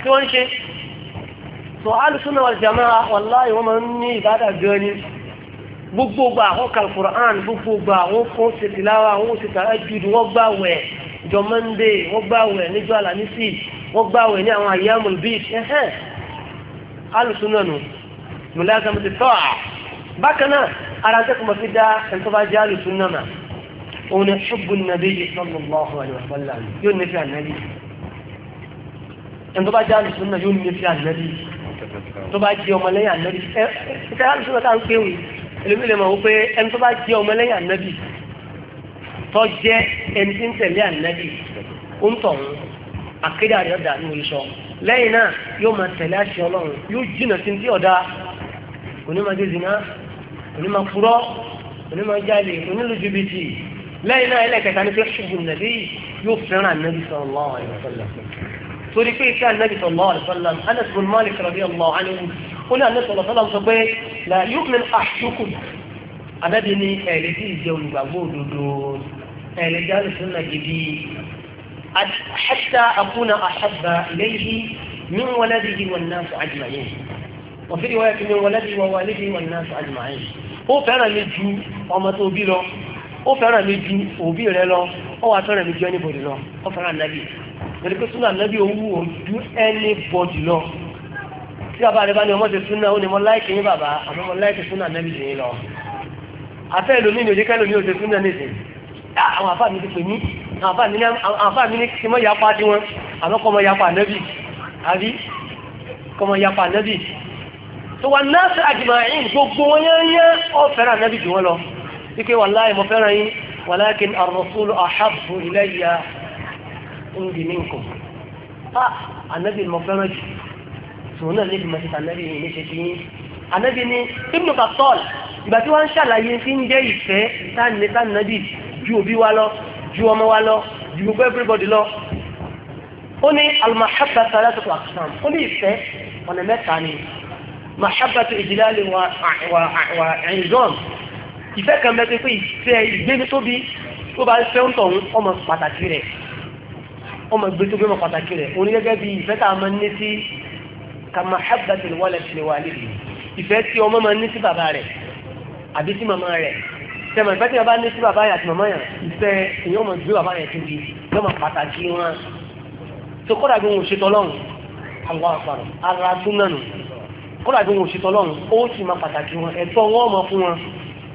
S1: tí wọ́n ń ṣe tó alùsùnà wal jamaa wallahi wọ́n máa ń ní ìbádà gan ni gbogbogbò àwọn kalkuran gbogbogbò àwọn fún ṣètìláwà àwọn òṣìṣẹ́ ẹ̀jùdù wọ́n gbà wẹ̀ jọ mọ́ndé wọ́n gbà wẹ̀ níjọ́ àlàmísì wọ́n gbà wẹ̀ ní àwọn ayyamul bid ẹ̀hẹ́n alùsùnà nù òun ni ṣubú nàbí yìí sọ́nà lọ́wọ́ àlùfọ́lá yóò nífẹ̀ẹ́ ànábì ẹni tó bá jẹ́ àlùsùn náà yóò nífẹ̀ẹ́ ànábì tó bá jẹ́ ọmọlẹ́yìn ànábì ẹ ẹ àlùsùn náà ká ń pé wì ẹlòmílẹ̀ mọ̀ wípé ẹni tó bá jẹ́ ọmọlẹ́yìn ànábì tó jẹ́ ẹni tí ń tẹ̀lé ànábì ó ń tọ̀hún akéde ní oríṣọ lẹ́yìn náà yóò máa tẹ̀lé àṣẹ ọlọ́run yóò jìnà sí ti ọ̀dà onímọ̀ jẹ́ zina onímọ̀ purọ́ onímọ̀ jalè onílùjúbìtì lẹ́yìn náà ẹlẹ́kẹta ní pé ṣùgbọ́n nàbí yóò fẹ́ràn ànábì sallallahu alaihi wasallam torí pé ìfẹ́ ànábì sallallahu alaihi wasallam Anas bin Malik radiyallahu anhu ó ní ànábì sallallahu alaihi wasallam sọ pé la yu'min ahadukum ànábì ní ẹ̀rí tí ìjẹ́ olùgbàgbọ́ òdodo ẹ̀rí jáde fún nàgídí hatta akuna ahabba ilayhi min waladihi wan nas ajma'in wa fi riwayati min waladihi wa walidihi ọmọ tó bí lọ ó fẹ́ràn mi ju òbí rẹ lọ ó wà fẹ́ràn mi ju anybody lọ ó fẹ́ràn ànábì lórí pé súnà ànábì òun wù ó ju anybody lọ tí bàbá rẹ bá ní ọmọ ti súnà ó ní mo láìkì yín bàbá àmọ́ mo láìkì súnà ànábì jù yín lọ afẹ́ ẹlòmíì ní òjìká ẹlòmíì òjì súnà nìsín àwọn àfáà mi ti pè mí àwọn àfáà mi ní kí mọ́ yapa tí wọn àmọ́ kọ́ mọ́ yapa ànábì àbí kọ́ mọ́ yapa ànábì tó wà náà sí àjùmọ̀ àyìn gbogbo wọn yẹn yẹn ó fẹ́ràn ànábì jù wọn lọ wípé wàláì mo fẹ́ràn yín wàlákin ar-rasulu ahabbu ilayya indi minkum ah anabi mo fẹ́ràn jù tòun náà níbi mo ti ta anabi yìí níṣe fi yín anabi ni ibnu Battal ìgbà tí wọ́n ń ṣàlàyé fi ń jẹ́ ìfẹ́ táàní táàní ju òbí wa lọ ju ọmọ wa lọ ju gbogbo everybody lọ ó ní al-mahabba thalathatu ó ní ìfẹ́ ọ̀nà mẹ́ta ni mahabbatu ijlal wa ẹ̀yìn zọ́ọ̀nù ìfẹ́ kan mẹ́tẹ́ pé ìfẹ́ ìgbéni tóbi tó bá fẹ́ ń tọ̀hún ọmọ pàtàkì rẹ̀ ọmọ ìgbé tóbi ọmọ pàtàkì rẹ̀ òní gẹ́gẹ́ bí ìfẹ́ tá a máa ní sí kàmá habbatil walad lil walid ìfẹ́ tí ọmọ máa ní sí bàbá rẹ̀ àbí sí màmá rẹ̀ tẹmọ ìfẹ́ tí bàbá ní sí bàbá yàtì màmá yàn ìfẹ́ èyí ọmọ ìgbé bàbá yẹn tóbi lọ́mọ pàtàkì wọn tó kọ́dà bí wọn ò ṣe tọ́lọ́run àwọn àpàrọ̀ ara tún náà nù kọ́dà bí wọn ò ṣe tọ́lọ́run ó sì máa pàtàkì wọn ẹ̀tọ́ wọn ọmọ fún wọn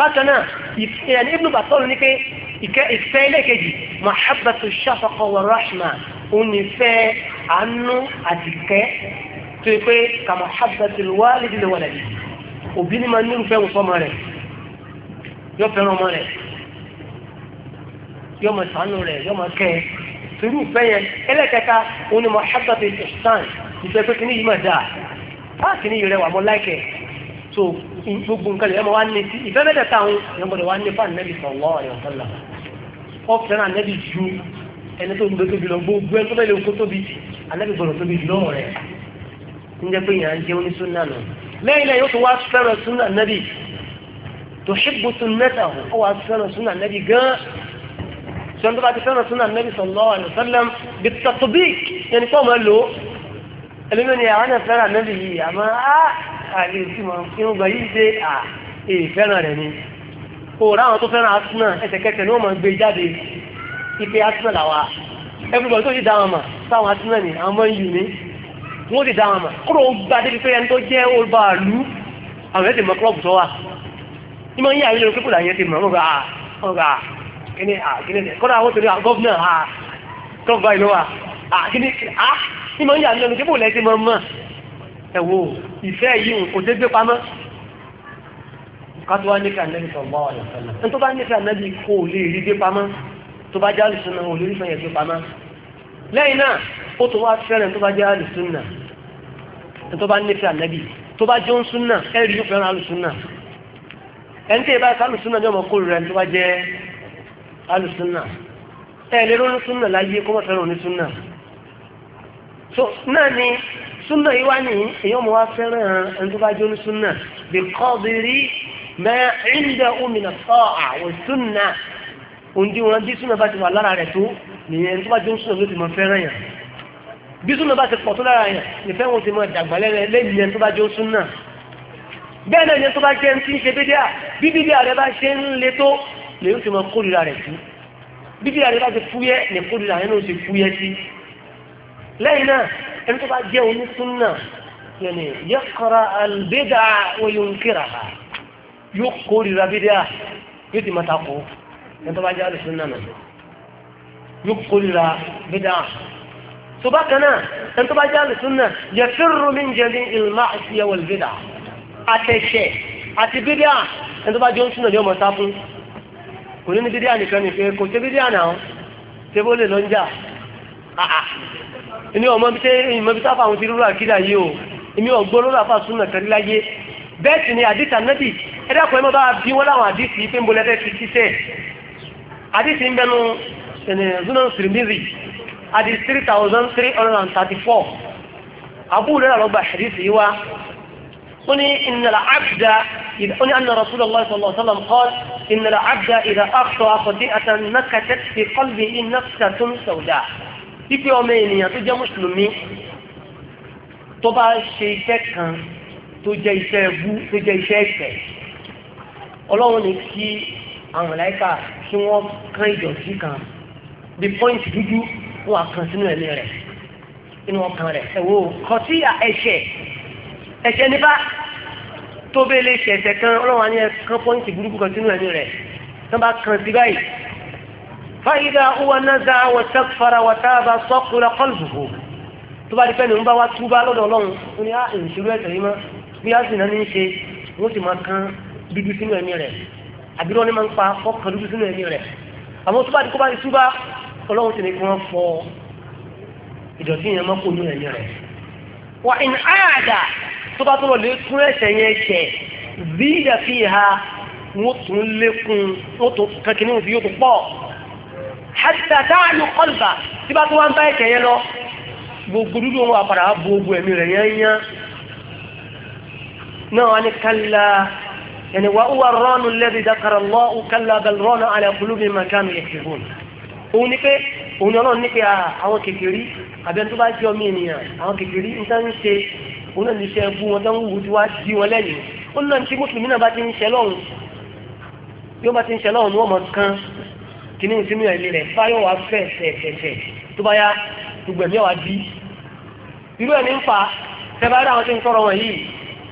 S1: bákan náà ìfẹ́ Ibn Battal ní pé ìfẹ́ ẹlẹ́kejì mahabbatu shafaqa wa rahma onífẹ́ àánú àdìkẹ́ tó yẹ pé ka mahabbatu al-walidi li waladi òbí ni máa nírúfẹ́ òfọ́mọ rẹ̀ yọ fẹ́ràn ọmọ rẹ̀ yọ mọ̀ sànú rẹ̀ yọ mọ̀ kẹ́ ẹ̀ torí ìfẹ́ yẹn ẹlẹ́kẹta òun mahabbatu ihsan ìfẹ́ pé kìnnìyí mà dáa á kìnnìyí rẹ̀ wà mọ́ láìkẹ́ gbogbo nǹkan lèyàn wá ní sí ìfẹ́ mẹ́tẹ̀ẹ̀ta àwọn èèyàn gbọ́dọ̀ wá ní fáànù nẹ́bì sọ̀wọ́ ọ̀rẹ́ ọ̀tọ́lá wọ́n fẹ́ràn ànẹ́bì ju ẹni tó ń gbé tóbi lọ gbogbo ẹni tó bẹ́ẹ̀ lè kó tóbi ànẹ́bì gbọ́dọ̀ tóbi jù lọ́wọ́ rẹ̀ ń jẹ́ pé èèyàn jẹ́ oní súnà nù lẹ́yìn lẹ́yìn ó tún wá fẹ́ràn súnà nẹ́bì tó ṣígbó tún mẹ́ta ó wá fẹ́ràn súnà nẹ́bì gan alaihi wasallam bí tàtọ́bí ẹni tó máa lò ẹlẹ́mìnira àwọn ẹ̀fẹ́ràn nẹ́bì àlè sí mọ̀ kí wọ́n gbà yí dé à ìfẹ́ràn rẹ̀ ni kò ráwọn tó fẹ́ràn Arsenal ẹsẹ̀kẹsẹ̀ ni wọ́n máa gbé jáde ipe Arsenal àwa everybody tó ti dá wọn mà sáwọn Arsenal ni àwọn mọ́ ìlú ni wọ́n ti dá wọn mà kúrò ó gba débi pé ẹni tó jẹ́ olùbàlú àwọn ẹ̀ ti mọ klọ́ọ̀bù tó wà ní máa ń yí àwọn ìlú pípọ̀ làyẹn ti mọ̀ ọ́n gbà ọ́n à kíni à ẹ̀wò ìfẹ́ yìí kò dé gbé pamọ́ kátó wá nífẹ̀ẹ́ ànábì sallallahu alaihi wasallam ní tó bá nífẹ̀ẹ́ ànábì kò lè rí gbé pamọ́ tó bá jẹ́ àlùsùnà ò lè rí fẹ̀yẹ̀ gbé pamọ́ lẹ́yìn náà ó tó wá fẹ́rẹ̀ tó bá jẹ́ àlùsùnà ní tó bá nífẹ̀ẹ́ ànábì tó bá jẹ́ òǹsùnà ẹ̀rí yóò fẹ́ràn àlùsùnà ẹni tí ì bá sálùsùnà ní ọmọ kórìíra tó bá jẹ́ alùsùnà ẹ̀ẹ́lẹ́rọ̀ ní súnà láyé kó mọ̀ fẹ́ràn onísùnà so náà súnà yìí wá ní èyàn mọ̀ wá fẹ́ràn ẹni tó bá jẹ́ onísúnà bí kọ́bìrì mẹ́ ẹ̀ńdẹ̀ òmìnà sọ àwọn súnà òǹdí wọn bí súnà bá ti wà lára rẹ̀ tó nìyẹn ẹni tó bá jẹ́ onísúnà ló ti mọ̀ fẹ́ràn yàn bí súnà bá ti pọ̀ tó lára yàn nífẹ̀ wọn ti mọ̀ dàgbà lẹ́rẹ̀ lẹ́yìn ẹni tó bá jẹ́ onísúnà bẹ́ẹ̀ náà ẹni tó bá jẹ́ ti ń ṣe bídíà bí bídíà rẹ bá ṣe ń le tó lẹ́yìn náà ẹni tó bá jẹ́ onísúnnà yẹni yẹ́kọ̀ra àlùbẹ́dà oyunkira yóò kórìíra bídà yóò ti mọ́ta kó ẹni tó bá jẹ́ onísúnnà nà yóò kórìíra bídà tó bá kan náà ẹni tó bá jẹ́ onísúnnà yẹ fẹ́rù mi ń jẹ ní ìlmá àti ẹwà bídà àtẹ̀ṣẹ̀ àti bídà ẹni tó bá jẹ́ onísúnnà yóò mọ́ta fún kò ní ní bídà nìkan nìkan kò tẹ́ bídà náà tẹ́ bó lè lọ ń jà èmi ọmọ bí tẹ́ ìmọ̀ bí sáfà àwọn ti rúra kíra yìí o èmi ọ̀gbọ́ lọ́la fà súnà kẹrí láyé bẹ́ẹ̀ sì ni àdìsí ànábì ẹ dákun ẹ má bá bí wọ́n láwọn àdìsí pé ń bolẹ́ fẹ́ fi ṣiṣẹ́ àdìsí ń bẹnu zunan sirimizi àdìsí three thousand three hundred and thirty four àbúrò rẹ̀ lọ́gbà àdìsí wa ó ní ìnàlà àbdà ó ní àná rasulullah sallallahu alaihi wasallam àbdà ìdá àkọ́ àkọ́dé àtànàkàtẹ́ fi qalbi nafsatun ipe ọmọ ènìyàn tó jẹ́ mùsùlùmí tó bá ṣe iṣẹ́ kan tó jẹ́ iṣẹ́ ẹbú tó jẹ́ iṣẹ́ ẹ̀ṣẹ̀ ọlọ́run ní kí àwọn ìláìka kí wọ́n kán ìdọ̀tí kan the point dúdú wọn àkàn sínú ẹ̀mí rẹ̀ inú ọkàn rẹ̀ ẹ̀wọ́ kọtí ẹ̀ṣẹ̀ ẹ̀ṣẹ̀ nípa tó bẹ́ẹ̀ lè ṣẹ̀ṣẹ̀ kan ọlọ́run á ní ẹ̀kan point burúkú kan sínú ẹ̀mí rẹ̀ tó bá kàn sí báyìí fáyidá uwa náza wà sẹ́kfara wà tábà sọ́kùnrin akọ́lùbùkù tó bá di pẹ́ ní ń bá wá túbá lọ́dọ̀ ọlọ́run ó ní ìṣirú ah, ẹ̀sẹ̀ yìí mọ́ bí á sì náà ní í ṣe kan dúdú sínú ẹ̀mí rẹ̀ àbí wọ́n ní máa pa ọkàn dúdú sínú ẹ̀mí rẹ̀ àwọn tó bá di kó bá di túbá ọlọ́run sì ní kí wọ́n fọ ìdọ̀tí yẹn mọ́ kó nú ẹ̀mí rẹ̀
S3: wà ní àyàdà
S1: tó bá tọrọ lè tún ẹ̀ṣẹ̀ yẹn ṣẹ̀ bí ìdàfíì ha wọ́n tún lékún wọ́n tún kankan ní òfin yóò tún hàtà dáàlù kọlùbà tí bá tó wá ń bá ẹ̀kẹ́ yẹn lọ gbogbo dúdú wọn wà padà bo ogun ẹ̀mí rẹ̀ yẹn yán náà wọn ni kálá yẹni wà wà rọ́ọ̀nù lẹ́bi dákàrà lọ́ọ̀ kálá bẹ̀rẹ̀ rọ́ọ̀nù alẹ́ kúlú mi máa kánú yẹ kìbọn òun ni pé òun ni ọlọ́run ní pé ah, àwọn kékeré àbẹ́ tó bá jẹ́ ọmọ ènìyàn àwọn kékeré ń tán ṣe òun náà ní iṣẹ́ ẹbú wọn tán wù tí wá di wọn lẹ́yìn ó náà tí mùsùlùmí náà bá ti ń ṣe lọ́run bá ti ń ṣe lọ́run ni kan kìíní sínú ẹ̀mí rẹ̀ fáyọ̀ wá fẹ̀ fẹ̀fẹ̀fẹ̀ tó bá yá gbogbo ẹ̀mí ọ̀wá bí. irú ẹ̀mí ń fa tẹ́bá rí àwọn tí ń sọ̀rọ̀ wọn yìí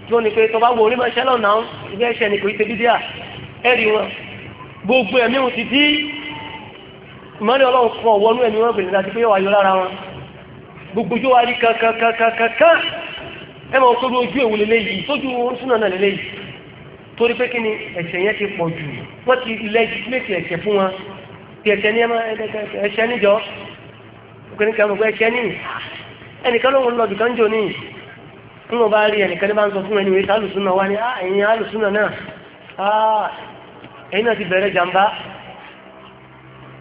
S1: tí ó ní pé tó bá wo onímọ̀ iṣẹ́ lọ́nà ìgbé ẹ̀ṣẹ̀ ni kò í ṣe bídíà ẹ̀rí wọn gbogbo ẹ̀mí wọn ti dí ìmọ̀lẹ́ ọlọ́run kan wọnú ẹ̀mí wọn torí pé kí ni ẹ̀ṣẹ̀ yẹn ti pọ̀ jù wọ́n ti lẹ́jú létí ẹ̀ṣẹ̀ fún wọn ti ẹ̀ṣẹ́ ní ẹ̀ṣẹ́ níjọ́ ọkùnrin kan gbogbo ẹ̀ṣẹ́ ní ẹnìkan ló ń lọ dùkan jò ní ń wọ́n bá rí ẹnìkan ní bá ń sọ fún ẹni wíṣẹ́ alùsùnà wá ní ah, ẹ̀yìn alùsùnà náà ah, ẹ̀yìn náà ti bẹ̀rẹ̀ jàmbá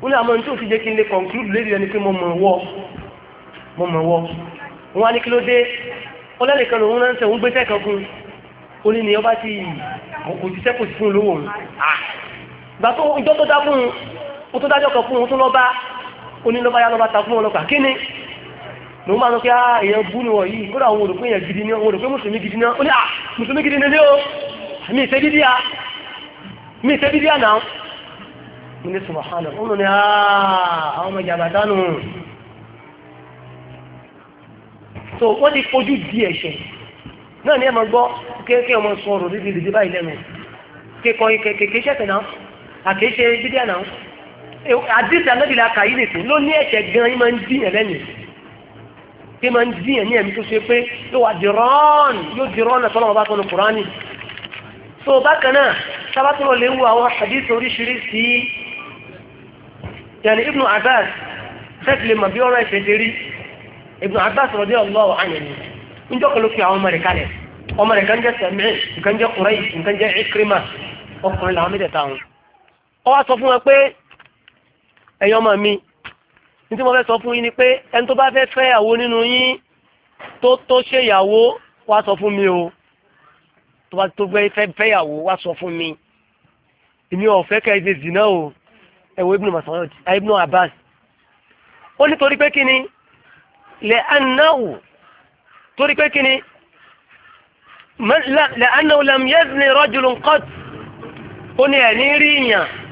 S1: wọ́n lè àmọ́ ní tó fi jẹ́ kí n lè conclude lórí ẹni pé mo mọ̀ wọ́ mo mọ̀ wọ́ wọn á ní kí ló dé ọlẹ́nìkan lòun náà ń sẹ́wọ́n gbé sẹ́kàn fún un ó ní ni ọba ti kò ti sẹ́kù sí fún olówó òun ah, ó tó dájọ́ kan fún un tó lọ́ba onílọ́ba yá lọ́ba ta fún ọlọ́pàá kí ni mo máa lọ pé á ah, èèyàn bú ni wọ̀nyí kódà àwọn olùkọ́ èèyàn gidi ni àwọn olùkọ́ mùsùlùmí gidi náà ó ní à mùsùlùmí gidi ni ó ah, mi ìṣe dídí à mi ìṣe dídí à náà mo ní subahana ó ní à ah, àwọn ọmọ ìjàmbá dánù so wọ́n ti fojú di ẹ̀ṣẹ̀ náà ni ẹ gbọ́ kéèké ọmọ sọ̀rọ̀ dídí dídí báyìí lẹ́nu kéèkọ́ kéèké ṣẹ̀ṣẹ̀ náà àkéṣe dídí à náà àdìsí anábìlà kàyí nìsín ló ní ẹ̀ṣẹ̀ gan yín máa ń díyàn lẹ́yìn kí máa ń díyàn ní ẹ̀mí tó ṣe pé yóò wá di rọ́ọ̀n yóò di rọ́ọ̀n náà tọ́lọ́mọba tó ní kùránì tó bákan náà sábàtúrọ̀ lè wo àwọn àdìsí oríṣiríṣi yàní Ibn Abbas sẹ́ẹ̀tì lè mọ̀ ọkùnrin làwọn mẹ́tẹ̀ẹ̀ta wọn. ó sọ fún wọn pé ẹ̀yin ọmọ mi ní tí mo fẹ́ sọ fún yín ni pé ẹni tó bá fẹ́ fẹ́ ìyàwó nínú yín tó tó ṣe ìyàwó wá sọ fún mi o tó bá tó gbé fẹ́ fẹ́ ìyàwó wá sọ fún mi èmi ò fẹ́ kẹ́ ẹ ṣe zì náà o ẹ̀wọ̀ ibùdó masamud ibùdó abbas ó ní torí pé kíni lẹ́ anáwó torí pé kíni lẹ́ anáwó lam yazni rajulun qat ó ní ẹ̀ ní rí ìyàn.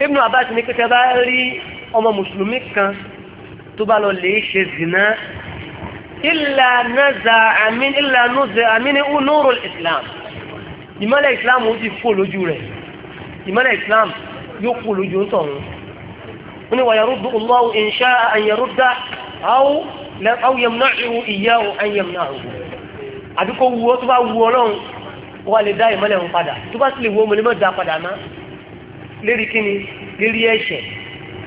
S1: Ibn Abbas ní pé tẹ́ bá rí ọmọ mùsùlùmí kan tó bá lọ lè ṣe zìnà ìlà nàza àmín ìlà nùzẹ àmín ní nùrù islam ìmọ́lẹ̀ islam ó ti fò lójú rẹ̀ ìmọ́lẹ̀ islam yóò fò lójú tọ̀hún ó ní wàyà rúdú ọlọ́wọ́ ìṣá àyẹ̀rúdá àwọn yẹmúnáhìwò ìyá àyẹmúnáhìwò àdúgbò wu ó tó bá wu ọlọ́run wà lè dá ìmọ́lẹ̀ wọn padà tó bá sì lè wo ọmọ ní padà náà lérí kíni lérí ẹ̀ṣẹ̀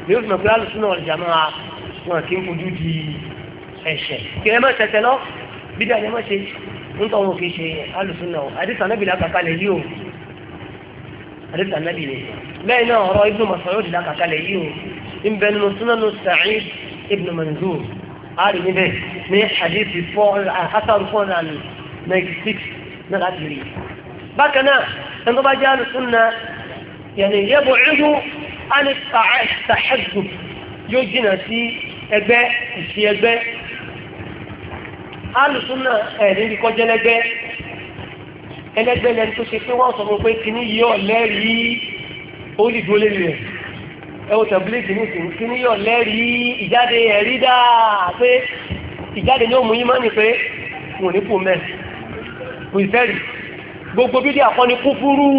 S1: ní oṣù mẹ́fúlá lùsùn náà ọ̀jà máa wọn kì í fojú di ẹ̀ṣẹ̀ kí ẹ má tẹ̀tẹ̀ lọ bídà ni ẹ má ṣe ń tọ́ wọn kì í ṣe alùsùn náà àdìsàn náà bìlà kàkà lẹ̀ yìí o àdìsàn náà bìlẹ̀ bẹ́ẹ̀ náà ọ̀rọ̀ ibnu Mas'ud dìlà kàkà lẹ̀ yìí o ń bẹ nínú súnánù Sa'id ibn Manzur ari níbẹ̀ ní hadith four hasan four yẹni yẹ́bù ẹ̀rù alìtàhàzù yóò jìnà sí ẹgbẹ́ ìsì ẹgbẹ́ alùsùnà ẹ̀rí ní kọjá lẹ́gbẹ́ ẹlẹ́gbẹ́ lẹ́ni tó ṣe pé wọ́n sọ fún pé kìíní yóò lẹ́rìí olùdó lé rẹ̀ ẹwọ́ tẹ̀bílẹ̀tì ní ìsìn kìíní yóò lẹ́rìí ìjáde ẹ̀rí dáa pé ìjáde ní òmùyí máa ń pé wọn ò ní kú mẹ́ gbogbo bídí àkọ́ni kúfúrú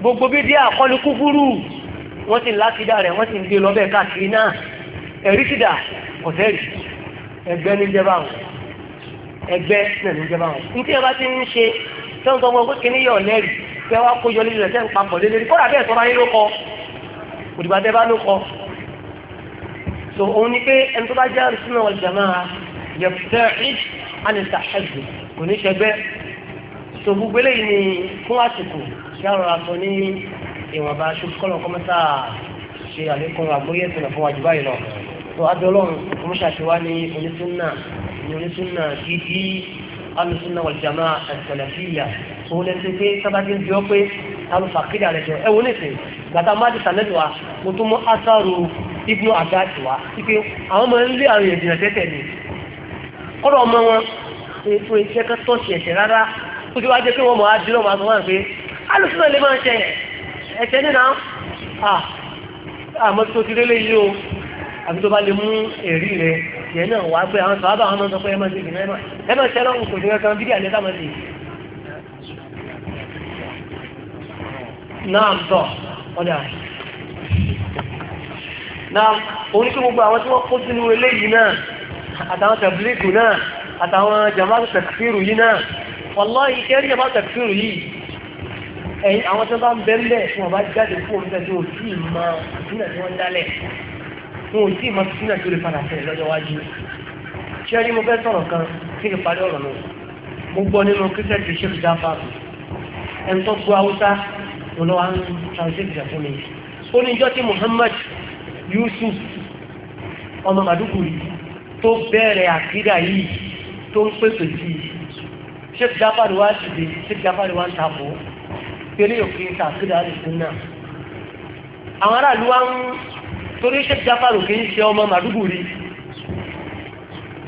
S1: gbogbo bídíà kọ́ ni kúfúrú wọ́n ti lákìdá rẹ̀ wọ́n ti ń gbé lọ́bẹ̀ káàkiri náà ẹ̀rí kìdà ọ̀tẹ́rì ẹgbẹ́ ní jẹba wọn ẹgbẹ́ náà ní jẹba wọn ní tí ẹ bá ti ń ṣe tẹ́wọ́n tó mọ pé kí ní yọ̀ lẹ́rì tẹ́ wá kójọ lílẹ̀ rẹ̀ tẹ́ ń papọ̀ lé lérí kódà bẹ́ẹ̀ tọ́ra yín ló kọ òdìbò àtẹ́ bá ló kọ so òun ni pé ẹni tó bá jẹ́ àrùsùnà wal jamaa yẹ fẹ́ ẹ̀ ànìtàṣẹ́gbẹ̀ kò ní ṣẹgbẹ́ so gbogbo eléyìí ni fún àsìkò ṣáàrùn aṣọ ní ìwọ̀nba ṣùkọ́nà kọ́mọ́tà ṣe àlékún àgbóyè ìtọ́nà fún wájú báyìí lọ tó adọ́lọ́run kọ́mọ́tà ti wá ní onísúnà ní onísúnà gidi alùsúnà wàlùjàmá àtìsàlàfíyà tó lè ṣe pé sábàtì ń jọ pé alùfà kéde rẹ̀ jọ ẹ wo ní ìsìn gbàtà má ti sàlẹ̀ wa mo tún mú asáru ibnu àgáàtì wa wípé àwọn ọmọ ń lé àrùn ìdìnà tẹ́tẹ̀ ni kọ́dọ̀ ọmọ wọn ètò ìṣẹ́kẹ́ tọ́ṣì ẹ̀ṣẹ̀ rárá ó ti wá jẹ́ pé wọ́n mọ̀ á dúró máa sọ wọn pé alùsùn náà lè máa ṣe ẹ̀ṣẹ̀ nínú àmọ́ tó ti rélé yìí o àbí tó bá lè mú èrí rẹ̀ yẹn náà wá pé àwọn sọ̀rọ̀ àwọn ọmọ sọ pé ẹ máa ṣe ìgbìmọ̀ ẹ máa ṣe lọ́wọ́ kò ní kankan bídí àlẹ́ sáà máa ṣe náà bọ̀ ọ̀dà náà orí kí gbogbo àwọn tí wọ́n kó sínú eléyìí náà àtàwọn tẹ̀blíkù náà àtàwọn jàmbá tẹ̀kfíìrù yìí náà wọ́n lọ́ ìkẹ́rí jàmbá tẹ̀kfíìrù yìí ẹ̀yìn àwọn tó bá ń bẹ́ ńbẹ̀ fún ọba jáde fún oúnjẹ tó sì mọ ìsúná tí wọ́n dálẹ̀ fún òsì mọ ìsúná tó lè padà fẹ̀ lọ́jọ́ wájú ṣé ẹni mo fẹ́ sọ̀rọ̀ kan kí n parí ọ̀rọ̀ náà mo gbọ́ nínú kírísẹ́tì ṣé fi dáfà mi ẹni tó gbọ́ haúsá mo lọ́wọ́ ń translate rẹ̀ fún mi ó ní ìjọ́ tí Muhammad Yusuf ọmọ Maduguri tó bẹ̀rẹ̀ àkídà yìí tó ń pèsè sí i ṣé fi dáfà ni wá ṣìde ṣé fi dáfà ni wá ń tàbọ̀ pẹ̀lú òkè tàkìdá àdìsí náà àwọn aráàlú wa ń torí ṣe jáfàrò kì í ṣe ọmọ màdúgbò rí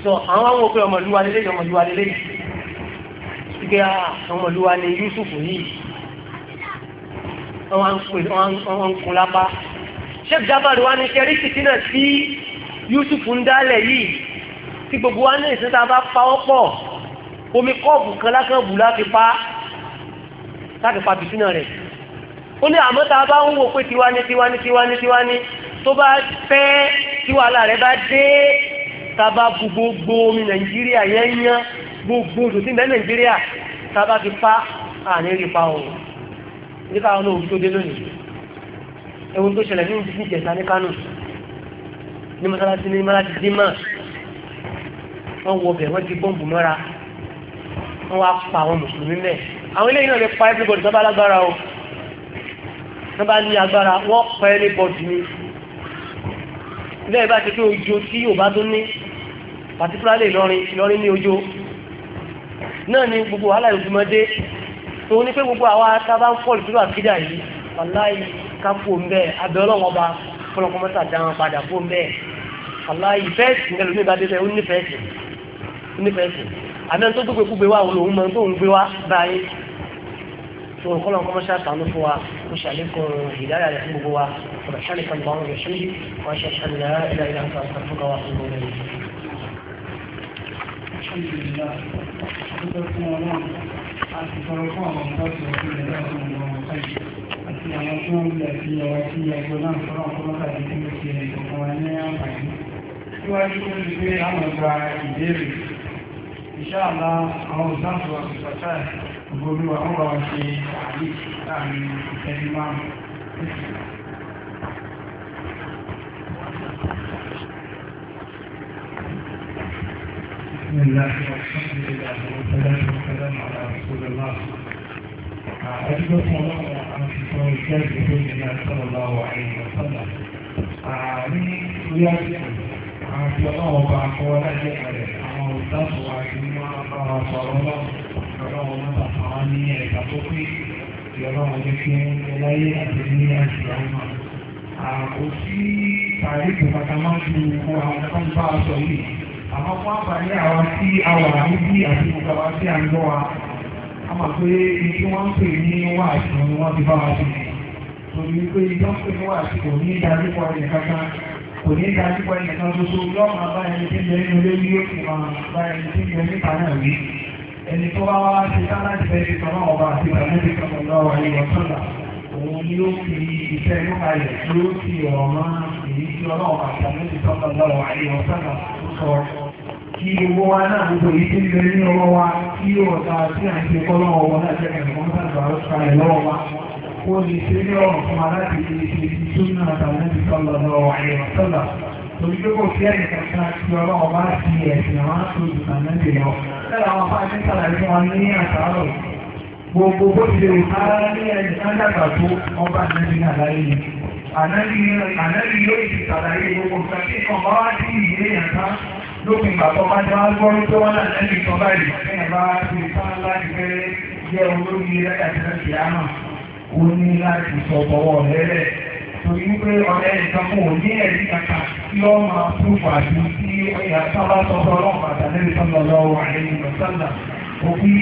S1: sọ àwọn àwọn òpin ọmọlúwa lélẹ́yìn ọmọlúwa lélẹ́yìn ìgbé ah, ọmọlúwa ni Yusuf yìí wọ́n ń kun lápá sheikh jabaru wa ni ṣẹ́rí kìtínà tí Yusuf ń dálẹ̀ yìí tí gbogbo wa ní ìsinta bá pa ọ́pọ̀ omi kọ́ọ̀bù kan lákàn bù láti pa á láti fa bìtínà rẹ̀ ó ní àmọ́ tá a bá ń wò pé tiwa ní tiwa ní tiwa ní tiwa ní tó bá pẹ́ tí wàhálà rẹ̀ bá dé tábà bu gbogbo omi nàìjíríà yẹn ń yán gbogbo odò tí ń bẹ nàìjíríà tábà fi pa àní rí pa òun nípa àwọn ohun tó dé lónìí ẹ̀wọ̀n tó ṣẹlẹ̀ ní ìdíjì ìjẹta ní kánò ní mọ́sálásí ní mọ́sálásí dímà wọ́n wọ bẹ̀ wọ́n ti bọ́ǹbù mọ́ra wọ́n wá pa àwọn mùsùlùmí mẹ́ẹ̀ àwọn eléyìí náà lè pa everybody tó bá lágbára o tó bá ní agbára wọ́n pa everybody ni lẹ́yìn bá ti pé ojo tí yóò bá tó ní particularly Ìlọrin Ìlọrin ní ojo náà ni gbogbo wàhálà ìgbìmọ̀dé òun ni pé gbogbo àwa tá a bá ń fọ́ọ̀lù tó bá kídà yìí wàláì kápò ń bẹ́ẹ̀ abẹ́ ọlọ́wọ́n bá fọlọ́kọ́mọ́tà dáhùn padà fún bẹ́ẹ̀ wàláì fẹ́ẹ̀sì nígbà lónìí bá dé bẹ́ẹ̀ ó nífẹ̀ẹ́sì nífẹ̀ẹ́sì àmì ẹni tó gbé gbogbo wa òun lòun mọ tó ń gbé tó kọ́ lọ́wọ́ kọ́mọ́ṣá tàánú fún wa kó ṣàlékún ìdáyà rẹ̀ fún gbogbo wa ọ̀rọ̀ ṣàlékún lọ́wọ́ rẹ̀ ṣúlì wọ́n ṣe ṣàlẹ̀ ilẹ̀ ilẹ̀ nǹkan kan fún wa fún gbogbo rẹ̀.
S2: Àti sọ̀rọ̀ fún àwọn ọ̀gá ìṣòro fún ìlú ẹ̀rọ ìwọ̀n ọ̀gá ìṣòro àti àwọn tí wọ́n ń gbé àti ọ̀rọ̀ sí ẹgbẹ́ náà sọ̀rọ̀ ọ̀pọ̀lọpọ̀ àti tí ó ti ẹ̀rọ ìkọ̀kan wa ní àǹfààní. Síwájú ó ti gbé àwọn ọgbà ìbéèrè. Ìṣáàlá àwọn òṣàǹfọ̀ àti pàtàkì olúwa wọ́n bá wọn ṣe àlè láàrin ẹni márùn-ún. بسم الله والحمد لله والصلاة والسلام على رسول الله أجل صلاة عن سؤال كاتب النبي صلى الله عليه وسلم ní orí àtìkù àti ọlọ́wọ́ bá kọ́ láyé rẹ̀ àwọn olùdásọ̀wà àti máa bá wa sọ̀rọ̀ lọ́wọ́ ọlọ́run mọ́ta àwọn ní ẹ̀ka tó pé ti ọlọ́run jẹ́ kí ẹ láyé àti ní àti àwọn àkó sí tààrí ìpàtà máa ń ju àwọn kan bá a sọ yìí àmọ́ fún àǹfààní àwọn tí a wà níbí àti gbogbo àwọn tí a ń gbọ́ wa a mọ̀ pé ibi wọ́n ń pè ní wáàsì ni wọ́n ti bá wa sí torí pé ibi wọ́n ń pè ní wáàsì kò ní dájú pọ̀ ẹnì kankan kò ní dájú pọ̀ ẹnì kan ṣoṣo lọ́ọ̀mà bá ẹni tí ń bẹ nínú ilé ní yóò fi máa bá ẹni tí ń bẹ níta náà rí ẹni tó bá wá ṣe ká láti bẹ̀rẹ̀ sọ́nà ọba àti ìbànújẹ́ kan lọ wáyé wọ́sọ́là òun ni ó fi iṣẹ́ nípa rẹ̀ tí ó fi ọ̀rọ̀ máa èyí tí ọlọ́run àti ìbànújẹ́ kan lọ wáyé wọ́sọ́là sọ kí owó wa náà gbogbo èyí tí ń bẹ ní ọwọ́ wa kí ọ̀tá tí à ń ṣe kọ́ lọ́wọ́ wọn láti ẹ̀kẹ́ ó lè ṣe ní ọ̀rùn fún aláti ṣe ìṣúná àtàlẹ́bí sọ́lọ̀ lọ́wọ́ àyẹ̀wọ̀sọ́là torí pé kò sí ẹ̀yìn kankan tí ọlọ́run bá ti ẹ̀sìn àwọn àtòjù àmẹ́bí lọ Lára Gbogbo bó ara ní ẹni sáńdàgbà tó ọba ìlẹ́bí ní àlàyé yìí. Ànẹ́lì yóò ti sàlàyé gbogbo nǹkan tí kan wá sí ìwé ẹ̀ka lópin ìgbà tó bá jẹ́ wá tó wọ́n náà lẹ́nu ìtàn báyìí. Ẹ̀yìn ti sá láti fẹ́ jẹ́ olórí torí wípé ọ̀rẹ́ nìkan mú ní ẹ̀rí kàkà tí ó máa túbọ̀ àti tí ẹ̀yà sábà sọ́kọ́ ọlọ́run àtàlẹ́rì sọ́lọ́lọ́ àlẹ́yìn lọ́sọ́lá òbí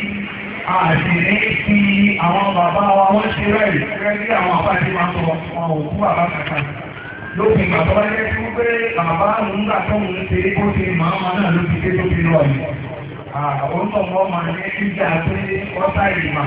S2: àti ní fi àwọn bàbá wa wọ́n ṣe rẹ̀rì rẹ̀rí àwọn àbá tí máa sọ wọn òkú bàbá kàkà lópin bàbá wa jẹ́ tí wípé bàbá ń gbà tó ń ṣe kó ṣe màmá náà ló ti dé tó fi lọ yìí àwọn ọmọ ọmọ ní ìjà pé ọ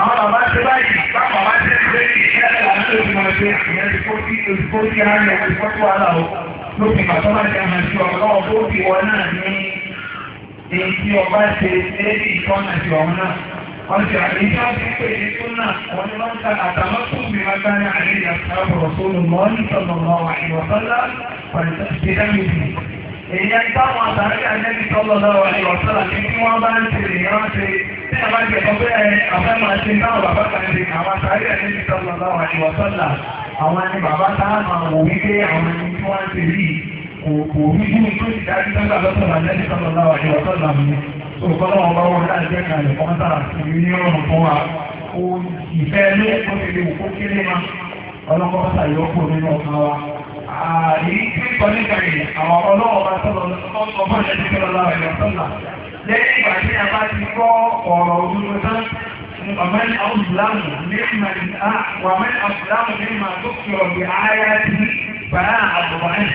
S2: àwọn bàbá ṣe báyìí báwọn bàbá ṣe ti bẹ́ẹ̀ ìṣẹ́ ẹ̀rọ àti òṣìṣẹ́ ṣe ìyẹn ti kó sí òṣìṣẹ́ sí ààrẹ àti pọ́tù wàhálà o lókè bàbá máa ṣe àmà sí ọ̀rọ̀ náà tó fi wọn náà ní èyí tí ọba ṣe lérí ìtọ́nà sí ọ̀rọ̀ náà wọ́n ti àdéhùn àti pé èyí tó náà wọ́n ní wọ́n ń ta àtàmọ́tò mi máa bá ní àlejò àti àbọ̀rọ̀ tó lù mọ́ èèyàn táwọn àtàrí àjẹ́bí tọ́lọ̀ lọ́wọ́ ní ọ̀sán àti tí wọ́n bá ń tèrè ìran ṣe tí a bá jẹ́ ọgbẹ́ ọ̀fẹ́ máa ṣe náà bàbá kan ṣe àwọn àtàrí àjẹ́bí tọ́lọ̀ lọ́wọ́ ní ọ̀sán là àwọn ẹni bàbá táwọn wò wípé àwọn ẹni tí wọ́n ń ṣe rí kò rí bí tó ti dájú tọ́lọ̀ lọ́sọ̀ àjẹ́bí tọ́lọ̀ lọ́wọ́ ní ọ̀sán mi òkọ́lọ́wọ́ bá wọn láti jẹ́ kan èyí tí kọ́ nígbà yìí àwọn ọlọ́wọ́ bá sọ̀rọ̀ ọgbọ́n ìṣẹ́jú kí lọ́la rẹ̀ lọ́sọ̀là lẹ́yìn ìgbà tí a bá ti kọ́ ọ̀rọ̀ òdodo tán ومن أظلم ممن ومن أظلم ممن ذكر بآياته فأعرض عنه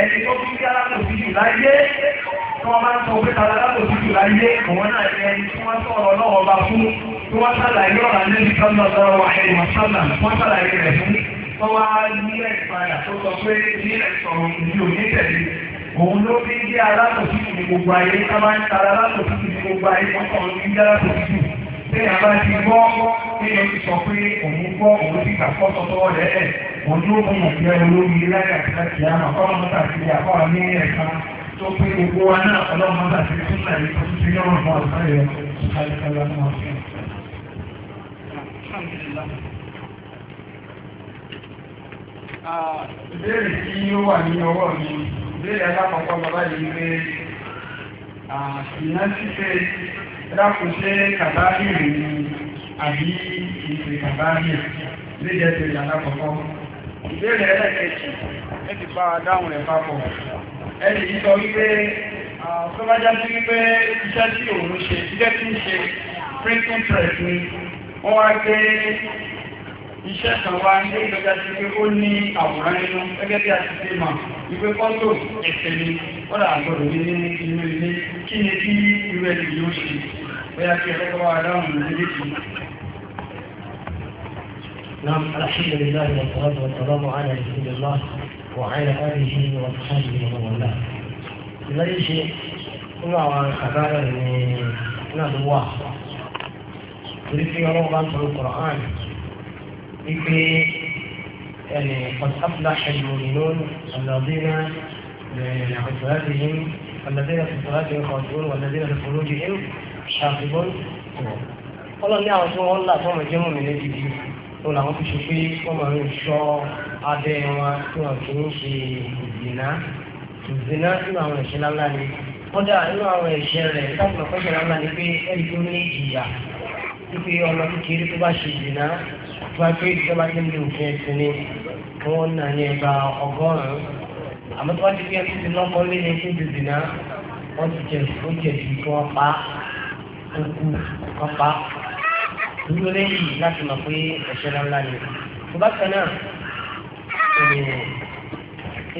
S2: ẹni tó fi kí alákòókì jù láyé tí wọ́n máa ń sọ pé tàbí alákòókì jù láyé òun náà ní ẹni tí wọ́n sọ̀rọ̀ náà ọba fún tí wọ́n sàlàyé ọ̀rọ̀ àlejò sọ́nà lọ́wọ́ àìmọ̀ sọ́nà wọ́n sàlàyé rẹ̀ fún tó wá nílẹ̀ ìpadà tó sọ pé nílẹ̀ ìsọ̀rọ̀ ní òní tẹ̀lé òun ló fi ń jẹ́ alátòtútù ní gbogbo ayé ká máa ń tara alátòtútù ní gbogbo ayé mọ́tàn ní jẹ́ alátòtútù téèyàn bá ti gbọ́ téèyàn ti sọ pé òun gbọ́ òun ti kà fọ́ sọ́tọ́ rẹ̀ ẹ̀ òun ló mú ìyá olórí láyà kàkì àmà fọ́nà mọ́tà sí àfọ́ ní ẹ̀ka tó pé gbogbo wa náà ọlọ́run mọ́tà sí fún ìlànà ìtọ́jú sí yọ̀rọ̀ fún àlùfáà yẹn alùpàlà náà. Ah, ìbéèrè tí ó wà ní ọwọ́ mi ìbéèrè alákọ̀ọ́kọ́ bàbá yìí pé ìyá ṣíṣe dákun ṣe kàbáyé rẹ̀ ni àbí ìṣe kàbáyé léjẹ́ tẹ̀lé alákọ̀ọ́kọ́ ìbéèrè ẹlẹ́kẹ̀ẹ́jì ẹ ti bá dáhùn rẹ̀ papọ̀ ẹni yìí sọ wípé tó bá jáde wípé iṣẹ́ tí òun ṣe iṣẹ́ tí ń ṣe printing press ni wọ́n wá gbé iṣẹ́ kan wá ní ìgbẹ́gbẹ́ sí pé ó ní àwòrán nínú gẹ́gẹ́ bí a ti ṣe mọ̀ ìpé fọ́tò ẹ̀sẹ̀ ni ó dà gbọ́dọ̀ ní ní inú ilé kí ni bí irú ẹni yóò ṣe bóyá kí ẹ̀kọ́ wá dáhùn lórí
S1: نعم الحمد لله والصلاة والسلام على رسول الله وعلى آله وصحبه ومن والاه. الذي شيء nínú àwọn àbáyọ̀ ní náà ló wà. Torí fi ọlọ́run wípé ẹni ọ̀sáfúlá ẹ̀lú ìlú ọ̀nàdínà ìfọ̀láṣẹ́yìn ọ̀nàdínà ìfọ̀láṣẹ́yìn ọ̀dún ọ̀nàdínà ìfọ̀lójìyìn ṣàfihàn ọlọ́ni àwọn tí wọ́n là fọ́mọ̀ jẹ́ mọ̀mí ní ibi òun làwọn fi ṣe pé wọ́n máa ń ṣọ́ abẹ́ wọn tí wọ́n kì í ṣe ìdìnnà ìdìnnà nínú àwọn ẹ̀ṣẹ̀ ńláńlá ni kódà nínú àwọn ẹ̀ṣẹ̀ rẹ̀ láti mọ̀ pẹ́ṣẹ̀ ńláńlá ni pé ẹni tó wá pé ìjọba ti ń lo òfin ẹ̀sìn ni kí wọ́n nà ní ẹgbà ọgọ́rùn-ún àmọ́ tó wá ti fi ẹni ti lọ́kọ́ lé ní ẹni ti dìnnà
S2: wọ́n ti jẹ ó jẹ̀bi kí wọ́n pa ó kú kọ́ pa dúró lẹ́yìn láti mọ̀ pé ẹ̀ṣẹ̀ ńláńlá ni tó bá kan náà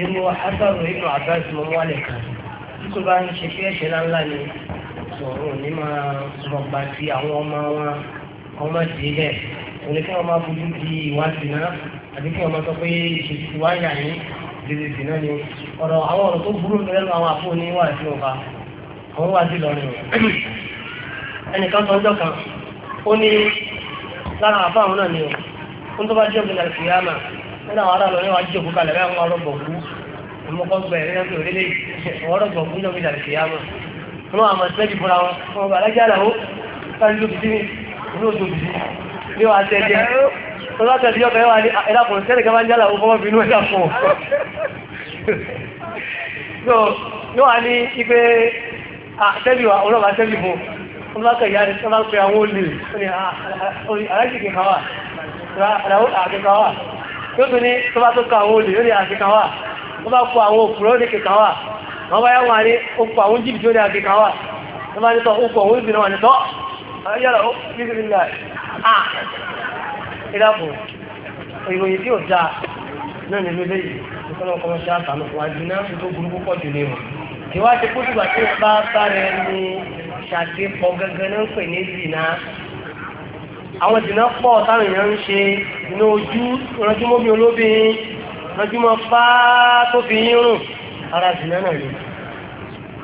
S1: irú eh, asọ̀rọ̀ inú àbẹ́sì mọ́ wálẹ̀ kan tí kò bá ń ṣe pé ẹ̀ṣẹ̀ ńláńlá ni sọ̀rọ̀ ní máa sọ̀gbà sí àwọn ọmọ wọn ọmọ ìdílé òun ni kí wọ́n máa fojú di ìwà ìsìná àti kí wọ́n máa sọ pé ìṣèṣì wá yà ní lèlè ìsìná ni ọ̀rọ̀ àwọn ọ̀rọ̀ tó burú lẹ́nu àwọn àpò ní wà sí ọba àwọn wà sí lọ́rin ẹnìkan sọ ọjọ́ kan ó ní lára àbá àwọn náà ni ó ń tó bá jẹ́ òkè nàìjíríà yàmà nínú àwọn ará lọ níwájú jòkó kalẹ̀ bẹ́ẹ̀ wọ́n rọ̀gbọ̀ kú ọmọkọ́ gbẹ̀rẹ̀ náà fi òrìlẹ̀ wọ́n rọ̀gbọ̀ kú náà fi nàìjíríà yàmà wọ́n àmọ̀ sẹ́ẹ̀dì fúnra wọn wọ́n bàlájá làwọn káàdì lóbi ní wà tẹ́jẹ́ ọlọ́tẹ̀ tí ọkọ̀ ẹwà ní ẹ̀dàkùn sẹ́lẹ̀ kẹfà ń jálà ó fọ́mọ́ bínú ẹ̀dà fún so ní wà ní ipé àtẹ́bì wà ọlọ́bà tẹ́bì fún ọlọ́kẹ̀ ìyá rẹ̀ sọ́lá pé àwọn olè alájìkì kàwà àkẹkàwà tó tún ní tó bá tó kọ àwọn olè ó ní àkẹkàwà ah, tó bá kọ àwọn òkúrọ́ ó ní kẹkàwà wọ́n bá yá wà ní ó kọ àwọn jìbìtì ó ní àkẹkàwà ah, tó bá ní tọ́ ó kọ òun ìbìnà wà ní tọ́ ayára ó bí ìdàpọ̀ ah. ìròyìn tí ò dáa náà nínú ilé yìí ìkọlọ́ ọkọ̀ ṣe àtàlù fún àjù náà tó burú púpọ̀ jù ní wọn. ìwádìí kó dìgbà tí wọ́n bá bára ẹni ṣàgbépọ̀ gẹ́gẹ́ náà ń pè ní ìdìnnà àwọn ìdìnnà pọ̀ táwọn èèyàn ń ṣe ìdìnnà ojú rọjúmọ́ bí olóbìnrin rọjúmọ́ fá tó fi yín rùn ara ìdìnnà náà ni.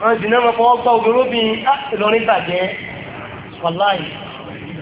S1: àwọn ìdìnnà máa fọwọ́ gbá obìnrin ah, Ìlọrin bàjẹ́ wàláyìí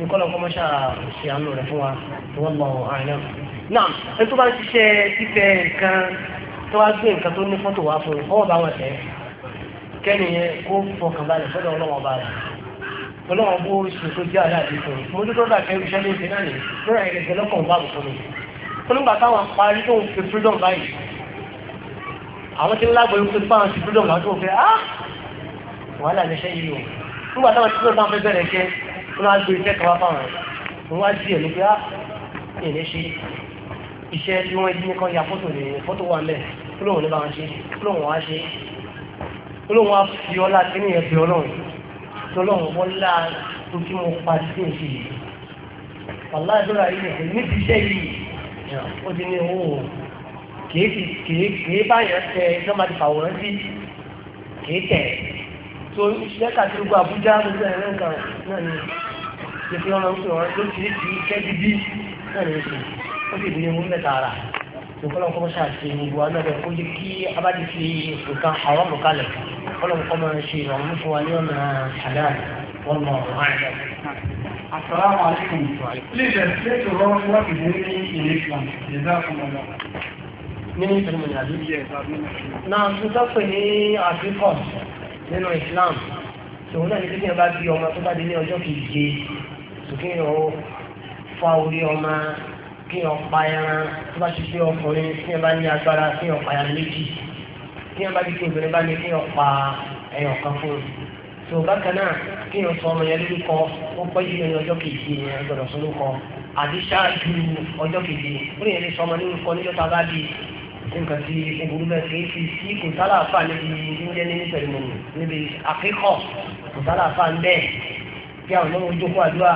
S1: nǹkan ọkọ mọ́ṣá ṣe àánú rẹ̀ fún wa tí wọ́n mọ àìná. náà ẹni tó bá ń ṣiṣẹ́ fífẹ́ nǹkan tó wá gbé nǹkan tó ní fọ́tò wá fún un ọwọ́ bá wọn tẹ̀ kẹ́ni yẹn kó fọkàn balẹ̀ fọ́dọ̀ ọlọ́wọ́n bá rẹ̀ ọlọ́wọ́n bó ṣe tó jẹ́ àlá àti fún un mo dúró dà kẹ́rù iṣẹ́ ló ń náà ní lórí ẹ̀rẹ̀gẹ̀ ń ah! o nígbà táwọn bá wọ́n máa gbé iṣẹ́ kan wá fáwọn ẹ̀ wọ́n wá jí ẹ̀ ní pé á ah, èlé ṣe iṣẹ́ tí wọ́n jí ní kan ya fọ́tò ní fọ́tò wà mẹ́ olóhùn ní bá wọn ṣe olóhùn wá ṣe olóhùn wá fi ọlá kí nìyẹn fi ọlọ́run tí ọlọ́run wọ́n lá tó kí mo pa sí èsì yìí
S2: wàlá ìdúrà yìí nìkan níbi iṣẹ́ yìí ó ti ní owó kìí kìí kìí báyọ̀ tẹ iṣẹ́ máa ti fàwòrán sí kìí tẹ̀
S1: tó iṣẹ́ kàtúrú náà ni ní kí wọ́n máa ń pè wọ́n lóṣìṣì iṣẹ́ gidi náà ní oṣù ó sì di ewu mẹ́ta ara ìkọlọ́n kọ́ sáà ṣe gbogbo anábẹ́ kó jẹ́ kí abájú fi ètò kan àwọn mọ̀kálẹ̀ kọ́lọ́n kọ́ máa ṣe ìrànwọ́ fún wa ní ọ̀nà halal wọ́n mọ̀ ọ̀hánilẹ̀.
S2: Assalamu alaikum. Please explain to us what is meaning election. Is that from Allah?
S1: Nínú ìfẹ̀lẹ́mọ̀lẹ́ àbí? Náà tó tọ́pẹ̀ ní Afrikọ́s nínú Ìsìlámù. Tòun náà ní kí kéèyàn ó fa orí ọmọ kéèyàn pa ẹran tó bá ti fi ọkùnrin kéèyàn bá ní agbára kéèyàn pa ẹran méjì kéèyàn bá ti fi obìnrin bá ní kéèyàn pa ẹyàn kan fún un tó bákan náà kéèyàn sọ ọmọ yẹn lórúkọ ó pẹ́ yìí lẹ́yìn ọjọ́ kejì yẹn gbọ́dọ̀ sọ lórúkọ àti ṣáájú ọjọ́ kejì ó lè sọ ọmọ lórúkọ níjọ́ tá a bá di nǹkan tí egburu bẹ́ẹ̀ kì í fi sí kò sálà àfà níbi oúnjẹ ní pẹ̀lú níbi àkíkọ̀ kò sálà àfà ń bẹ́ẹ̀ kí àwọn ọmọ ojú kó àdúrà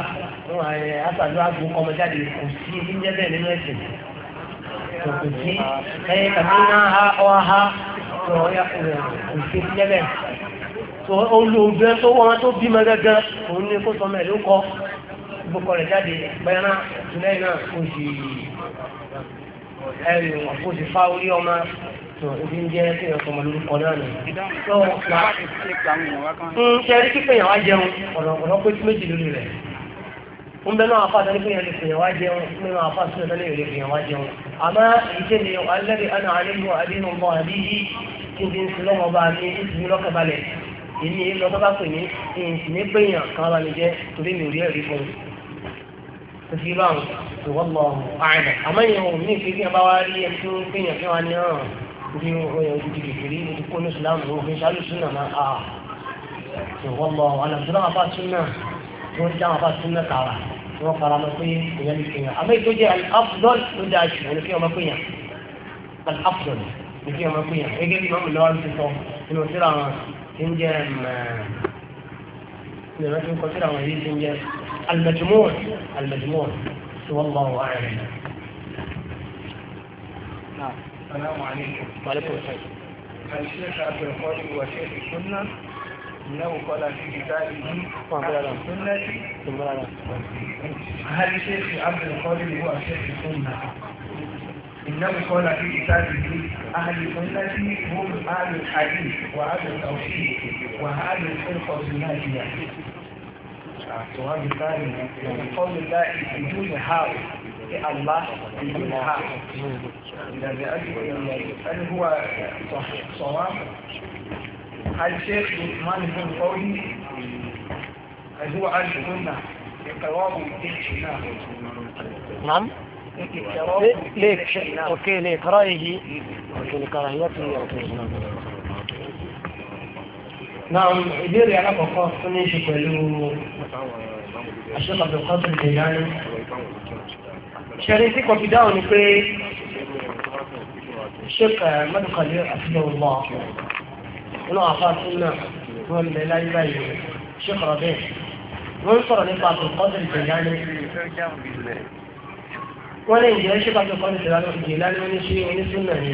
S1: wọn àṣàdúrà gbó kọmọ jáde kò sí ilé bẹ́ẹ̀ nínú ẹ̀sìn
S3: kò kò sí ẹyẹ kàmí náà ha
S1: ọ ha kò sí ilé bẹ́ẹ̀ tó olùgbé tó wọn tó bímọ gẹ́gẹ́ òun ni kó sọmọ ẹ̀ ló kọ gbókọ rẹ̀ jáde pẹ́ẹ́rán ìtúlẹ̀ náà kò sí yìí ẹrù wọn kó sì fá orí ọmọ tó ibi ń jẹ́ kéèyàn tó mọ lórúkọ nù.
S2: tó wà ń ṣẹ́rí kí kéèyàn wá jẹun
S1: ọ̀nà pé méjì lórí rẹ̀. ń bẹ náà afá àtàlẹ́ kéèyàn lè fèèyàn wá jẹun nínú afá sí àtàlẹ́ ìrè fèèyàn wá jẹun. àmọ́ ìṣe ni alẹ́rìí àná àlejò àdínú bọ́ àdíyí kí n ti ń sin lọ́wọ́ bá mi ìsinmi lọ́kàbalẹ̀ ìní lọ́kọ́ bá pè ní ìsinmi péyàn mi jẹ́ òsì báwọn ìwọ́n lọ àìnà àmọ́ ìyẹn òun ní ìfẹ́ kí ẹ bá wá rí ẹni tó kéèyàn kí wọ́n ní ọ̀ràn ní ọ̀yàn òdìdì kékeré ní kó ní ìsìlámù òun fi ṣáájú súnà náà à ìwọ́n lọ àná tó náà bá súnà tó ń dáhùn bá súnà kàrà tí wọ́n fara mọ́ pé èèyàn ní kéèyàn àmọ́ ètò jẹ́ al-afdal ló dáa jù ní kí ọmọ kéèyàn al-afdal ní kí ọmọ المجموع المجموع
S2: والله أعلم نعم السلام عليكم وعليكم السلام هل شيخ عبد القادر شيخ السنة إنه قال في كتابه السنة هل شيخ عبد القادر هو شيخ السنة إنه قال في كتابه أهل السنة هم أهل الحديث وأهل التوحيد وأهل الفرقة الناجية السؤال الثاني من قول الله بدون حاء الله بدون حاء هل هو صحيح صواب؟ هل شيخ عثمان بن قولي هل هو نعم ليك اوكي لكراهه
S1: اوكي لكراهيته اوكي náà ìbéèrè alákọ̀ọ́kọ́ tó ní ṣe pẹ̀lú àṣẹ́kọ̀ọ́bẹ̀ kọ́tù ìdèyàní
S3: ṣẹ̀rí sí kọfídáwò ni pé
S1: ṣẹ́kà mẹ́dùkàlẹ́ àfihàn ọmọ inú àfá súnà wọn lè láyé báyìí ṣẹ́kọ̀ọ́ bẹ́ẹ̀ wọ́n sọ̀rọ̀ nípa àtòkọ́tù ìdèyàní wọ́n lè jẹ́ ṣẹ́kà àtòkọ́tù ìdèyàní wọ́n ní ṣe oníṣúnà ni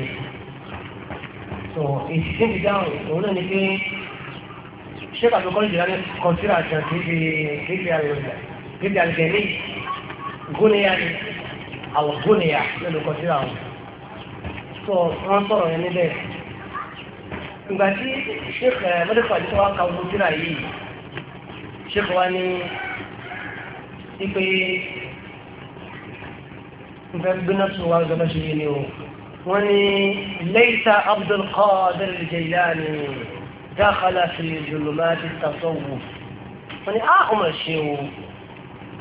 S1: so èsì sí ìdáhùn òun náà ni pé ṣé pàtàkọ́ ìjìnlẹ̀ kọ̀tíra àjàn kéde àrẹ̀lẹ̀ kéde àrẹ̀lẹ̀ ní gúnìyà ni àwọn gúnìyà lẹ́nu kọ̀tíra wọn sọ wọn sọ̀rọ̀ yẹn níbẹ̀ ìgbà tí ṣéèkì mẹ́tẹ́fà àti sọ́wọ́n ka ogun tíra yìí ṣéèkì wa ní ipe nfẹ́ gbéná tó wà gbọ́dọ̀ ṣe yé ni o wọ́n ní lẹ́yìntà Abdul Qadir Jailani dákàlá sí ìjòlùmọ́ àti tasọ́wù wọ́n ni áà ọmọ ṣe o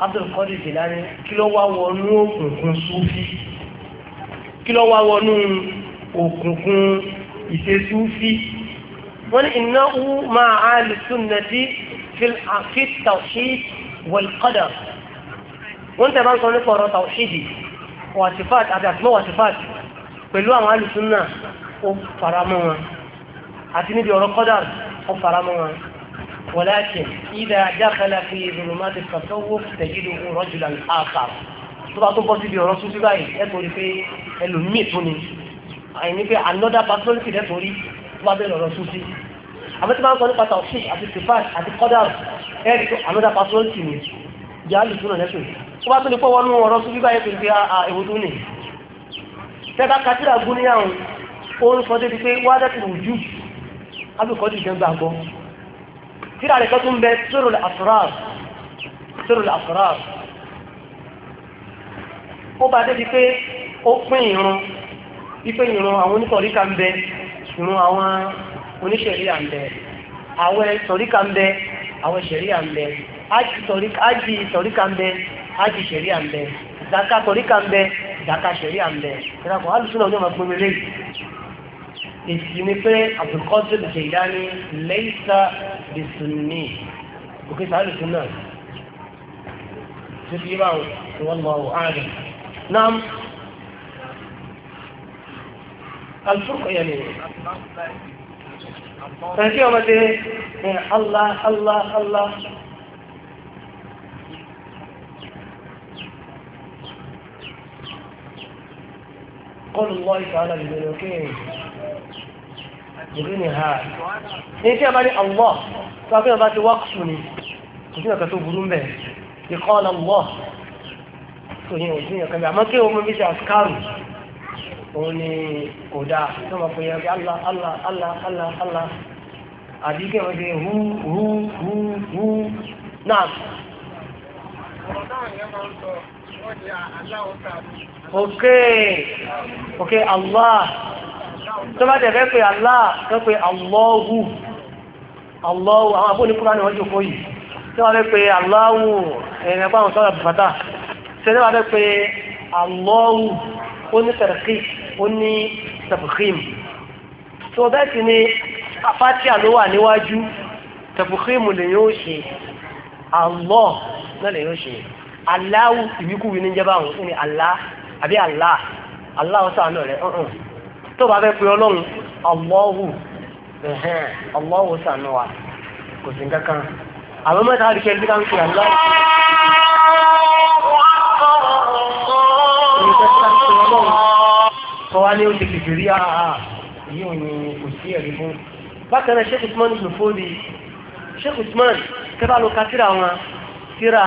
S1: Abdulkadir Jilani kí ló wá wọnú òkùnkùn súfì kí ló wá wọnú
S3: òkùnkùn ìṣe súfì
S1: wọ́n ni innahu ma'a ahli sunnati fil aqid tawhid wal qadar wọ́n tẹ̀ bá ń sọ nípa ọ̀rọ̀ tàwíṣìdì wàtífàt àti àtìmọ́ wàtífàt pẹ̀lú àwọn alùsùn náà ó faramọ́ wọn àti níbi ọ̀rọ̀ qadar ó fara mọ́ wọn walakin idha dakhala fi dhulumati at-tasawwuf tajiduhu rajulan akhar tó bá tó bọ́ síbi ọ̀rọ̀ súnfí báyìí ẹ pé ẹlòmíì tún ni àìní pé another personality rẹ torí tó bá bẹ̀rẹ̀ ọ̀rọ̀ súnfí àmọ́ tí bá ń sọ nípa tawfiq àti sifat àti qadar ẹ rí another personality ni jáàlù tún náà lẹ́sùn tó bá tó lè pọ̀ wọnú ọ̀rọ̀ súnfí báyìí torí pé ah, ah, ewu tún ni alùkọ́dì ìjọba àgbọ́ tíra rẹ̀ kọ́tún bẹ sórò l'àfúráà ó bá dé di pé ó pín ìrun wípé ìrun àwọn onítọ̀ríkà ń bẹ ìrun àwọn oníṣẹ̀ríà ń bẹ àwọn tọ̀ríkà ń bẹ àwọn ṣẹ̀ríà ń bẹ ájì tọ̀ríkà ń bẹ ájì ṣẹ̀ríà ń bẹ zaka tọ̀ríkà ń bẹ zaka ṣẹ̀ríà ń bẹ ìrakọ̀ alùsùn èsì ni pé Abdulqadir Jailani laysa bisunni òkè sáré sùn náà títí bá wọn lọ ààrẹ náà
S2: alfurqa yẹn ni tàbí ọmọdé eh, Allah Allah Allah.
S1: قول الله تعالى للملوكين بدون ها ní tí a bá ní allah tó a kí wọ́n bá ti wákùsù ni kò sí ọ̀kà tó burú mẹ́ ìkọ́l allah tó yẹ òjú yẹ kẹfẹ́ àmọ́ kí o mọ́ bí ṣe àṣkárù òun ni kò dáa tó allah allah allah allah allah àbí kí wọ́n hu hu hu hu náà ok ok allah tó bá tẹ̀fẹ́ pé allah tó pé allahu allahu àwọn àbúrò ní kúrò ní ọjọ́ kó yìí tó bá fẹ́ pé allahu ẹ̀rẹ̀ pàwọn sọ́rọ̀ bùfàtà tó bá fẹ́ pé allahu ó ní tẹ̀rẹ̀kì ó ní tẹ̀fùkìm tó bẹ́ẹ̀ sì ni apátíà ló wà níwájú tẹ̀fùkìm lè yóò ṣe allah aláwù ìwíkúwí ní jẹba àwọn ní alá àbí alá aláwọ̀sá náà rẹ̀ ọ̀hún tó bá fẹ́ pé ọlọ́run ọlọ́wù ẹ̀hẹ́n ọlọ́wù sànú wa kò sí kankan àwọn mẹ́ta àdìkẹ́ ní káńkì alá Kọ́wá ní ó ti kìkì yìí ò ní kò ẹ̀rí fún. Bákan náà, Sheikh Usman Ibn Fodi, Sheikh Usman, ló ka síra wọn, síra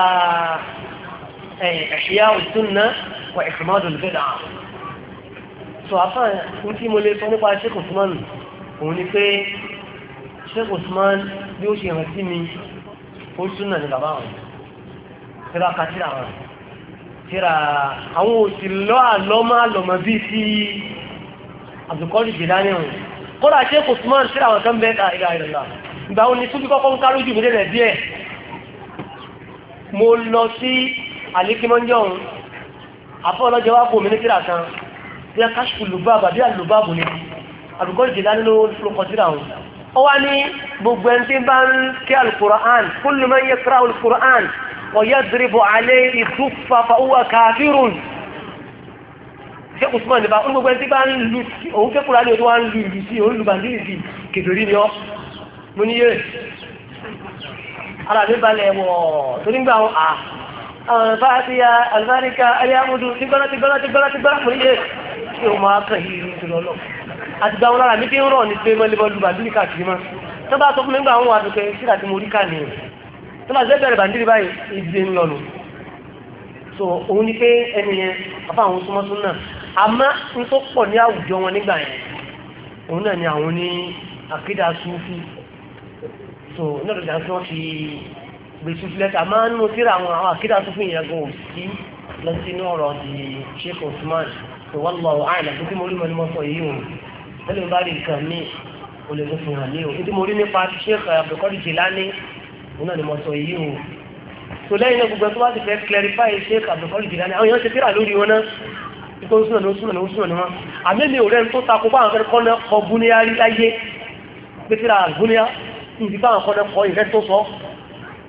S1: إحياء السنة وإحماد البدعة so afa n tí mo lè sọ nípa Sheikh Usman òun ni pé Sheikh Usman bí ó ṣe hàn sí mi ó súnà ní bàbá àwọn tíra ka tíra wọn tíra àwọn òsì lọ àlọ́mọ́ àlọ́mọ́ bíi ti àbùkọ́lù Jìlánì wọn kódà Sheikh Usman tíra wọn kan bẹ́ẹ̀ ká ìlà ìgbà wo ni túbí kọ́kọ́ ń kárú jù mí díẹ̀ mo lọ sí àlékímọ́njọ́ òun àfọ́ ọlọ́jọ́ wá kó mi ní kíra kan bí a káṣùkù lùbáàbù àbí àlùbáàbù ni àbùkọ́ ìjìlá nínú lókọ̀síra òun ó wá ní gbogbo ẹni tí bá ń kí alukur'an kullu man ara mi balẹ̀ wọ̀ torí ń wọn à ah, àwọn fàáfíà alìbáríkà aliamudu tígbọ́nà tígbọ́nà tígbọ́nà tígbọ́nà fún iye tí o máa kàn yìí nítorí ọlọ́ àti gba ọlára mi fi ń rọ̀ ní pé mọ́lẹ́bọ́ lu bàndírì káàkiri mọ́ tó bá sọ fún mi gbà wọn àdùkẹ́ síra tí mo rí kàní tó bá sọ bẹ̀rẹ̀ bàndírì báyìí ìdílé ń lọ nù so òun ni pé ẹni yẹn bàbá àwọn súnmọ́sún náà àmọ́ n tó pọ̀ ní àwùjọ wọn nígbà yẹn òun náà ni bẹ̀sùfilẹ́tì àmọ́ nínú tíra àwọn àwọn àkídà tó fún ìyàgò sí lọ sí inú ọ̀rọ̀ di Sheikh Usman tó wọ́n lọ àìlà tó tí mo rí mọ́ ní mọ́tò yìí o tẹ́lẹ̀ bá rí nǹkan ní o lè fi hàn ní o tí mo rí nípa Sheikh Abdulkadir Jilani òun náà ní mọ́tò yìí o tó lẹ́yìn náà gbogbo ẹ̀ tó bá ti fẹ́ clarify Sheikh Abdulkadir Jilani àwọn èèyàn ti tíra lórí wọn náà tó ń súnà ní súnà ní ní wọn àmẹ́lẹ̀ ọ̀rẹ́ tó takò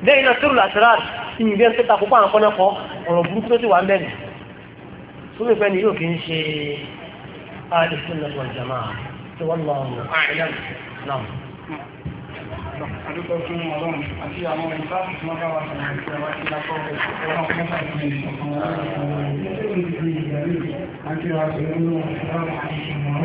S1: lẹ́yìn náà tẹ́rù làṣíràt tí ìgbé ń tẹ́ta púpọ̀ àwọn ọ̀pọ̀ ọ̀rọ̀ burúkú tó ti wà ń bẹ̀rẹ̀ tó lè fẹ́ ni yóò kí ń ṣe àdìsún náà wal jamaa tó wọ́n lọ ọ̀rọ̀ àìlẹ́m náà.
S2: Adúgbò fún ọlọ́run àti àwọn ìfá máa bá wa sọ̀rọ̀ ìṣẹ̀wá sí lápọ̀ ọlọ́run mẹ́ta ìpínlẹ̀ ìṣọ̀kan láti ọ̀rọ̀ ìṣẹ̀wá sí lápọ̀ ọlọ́run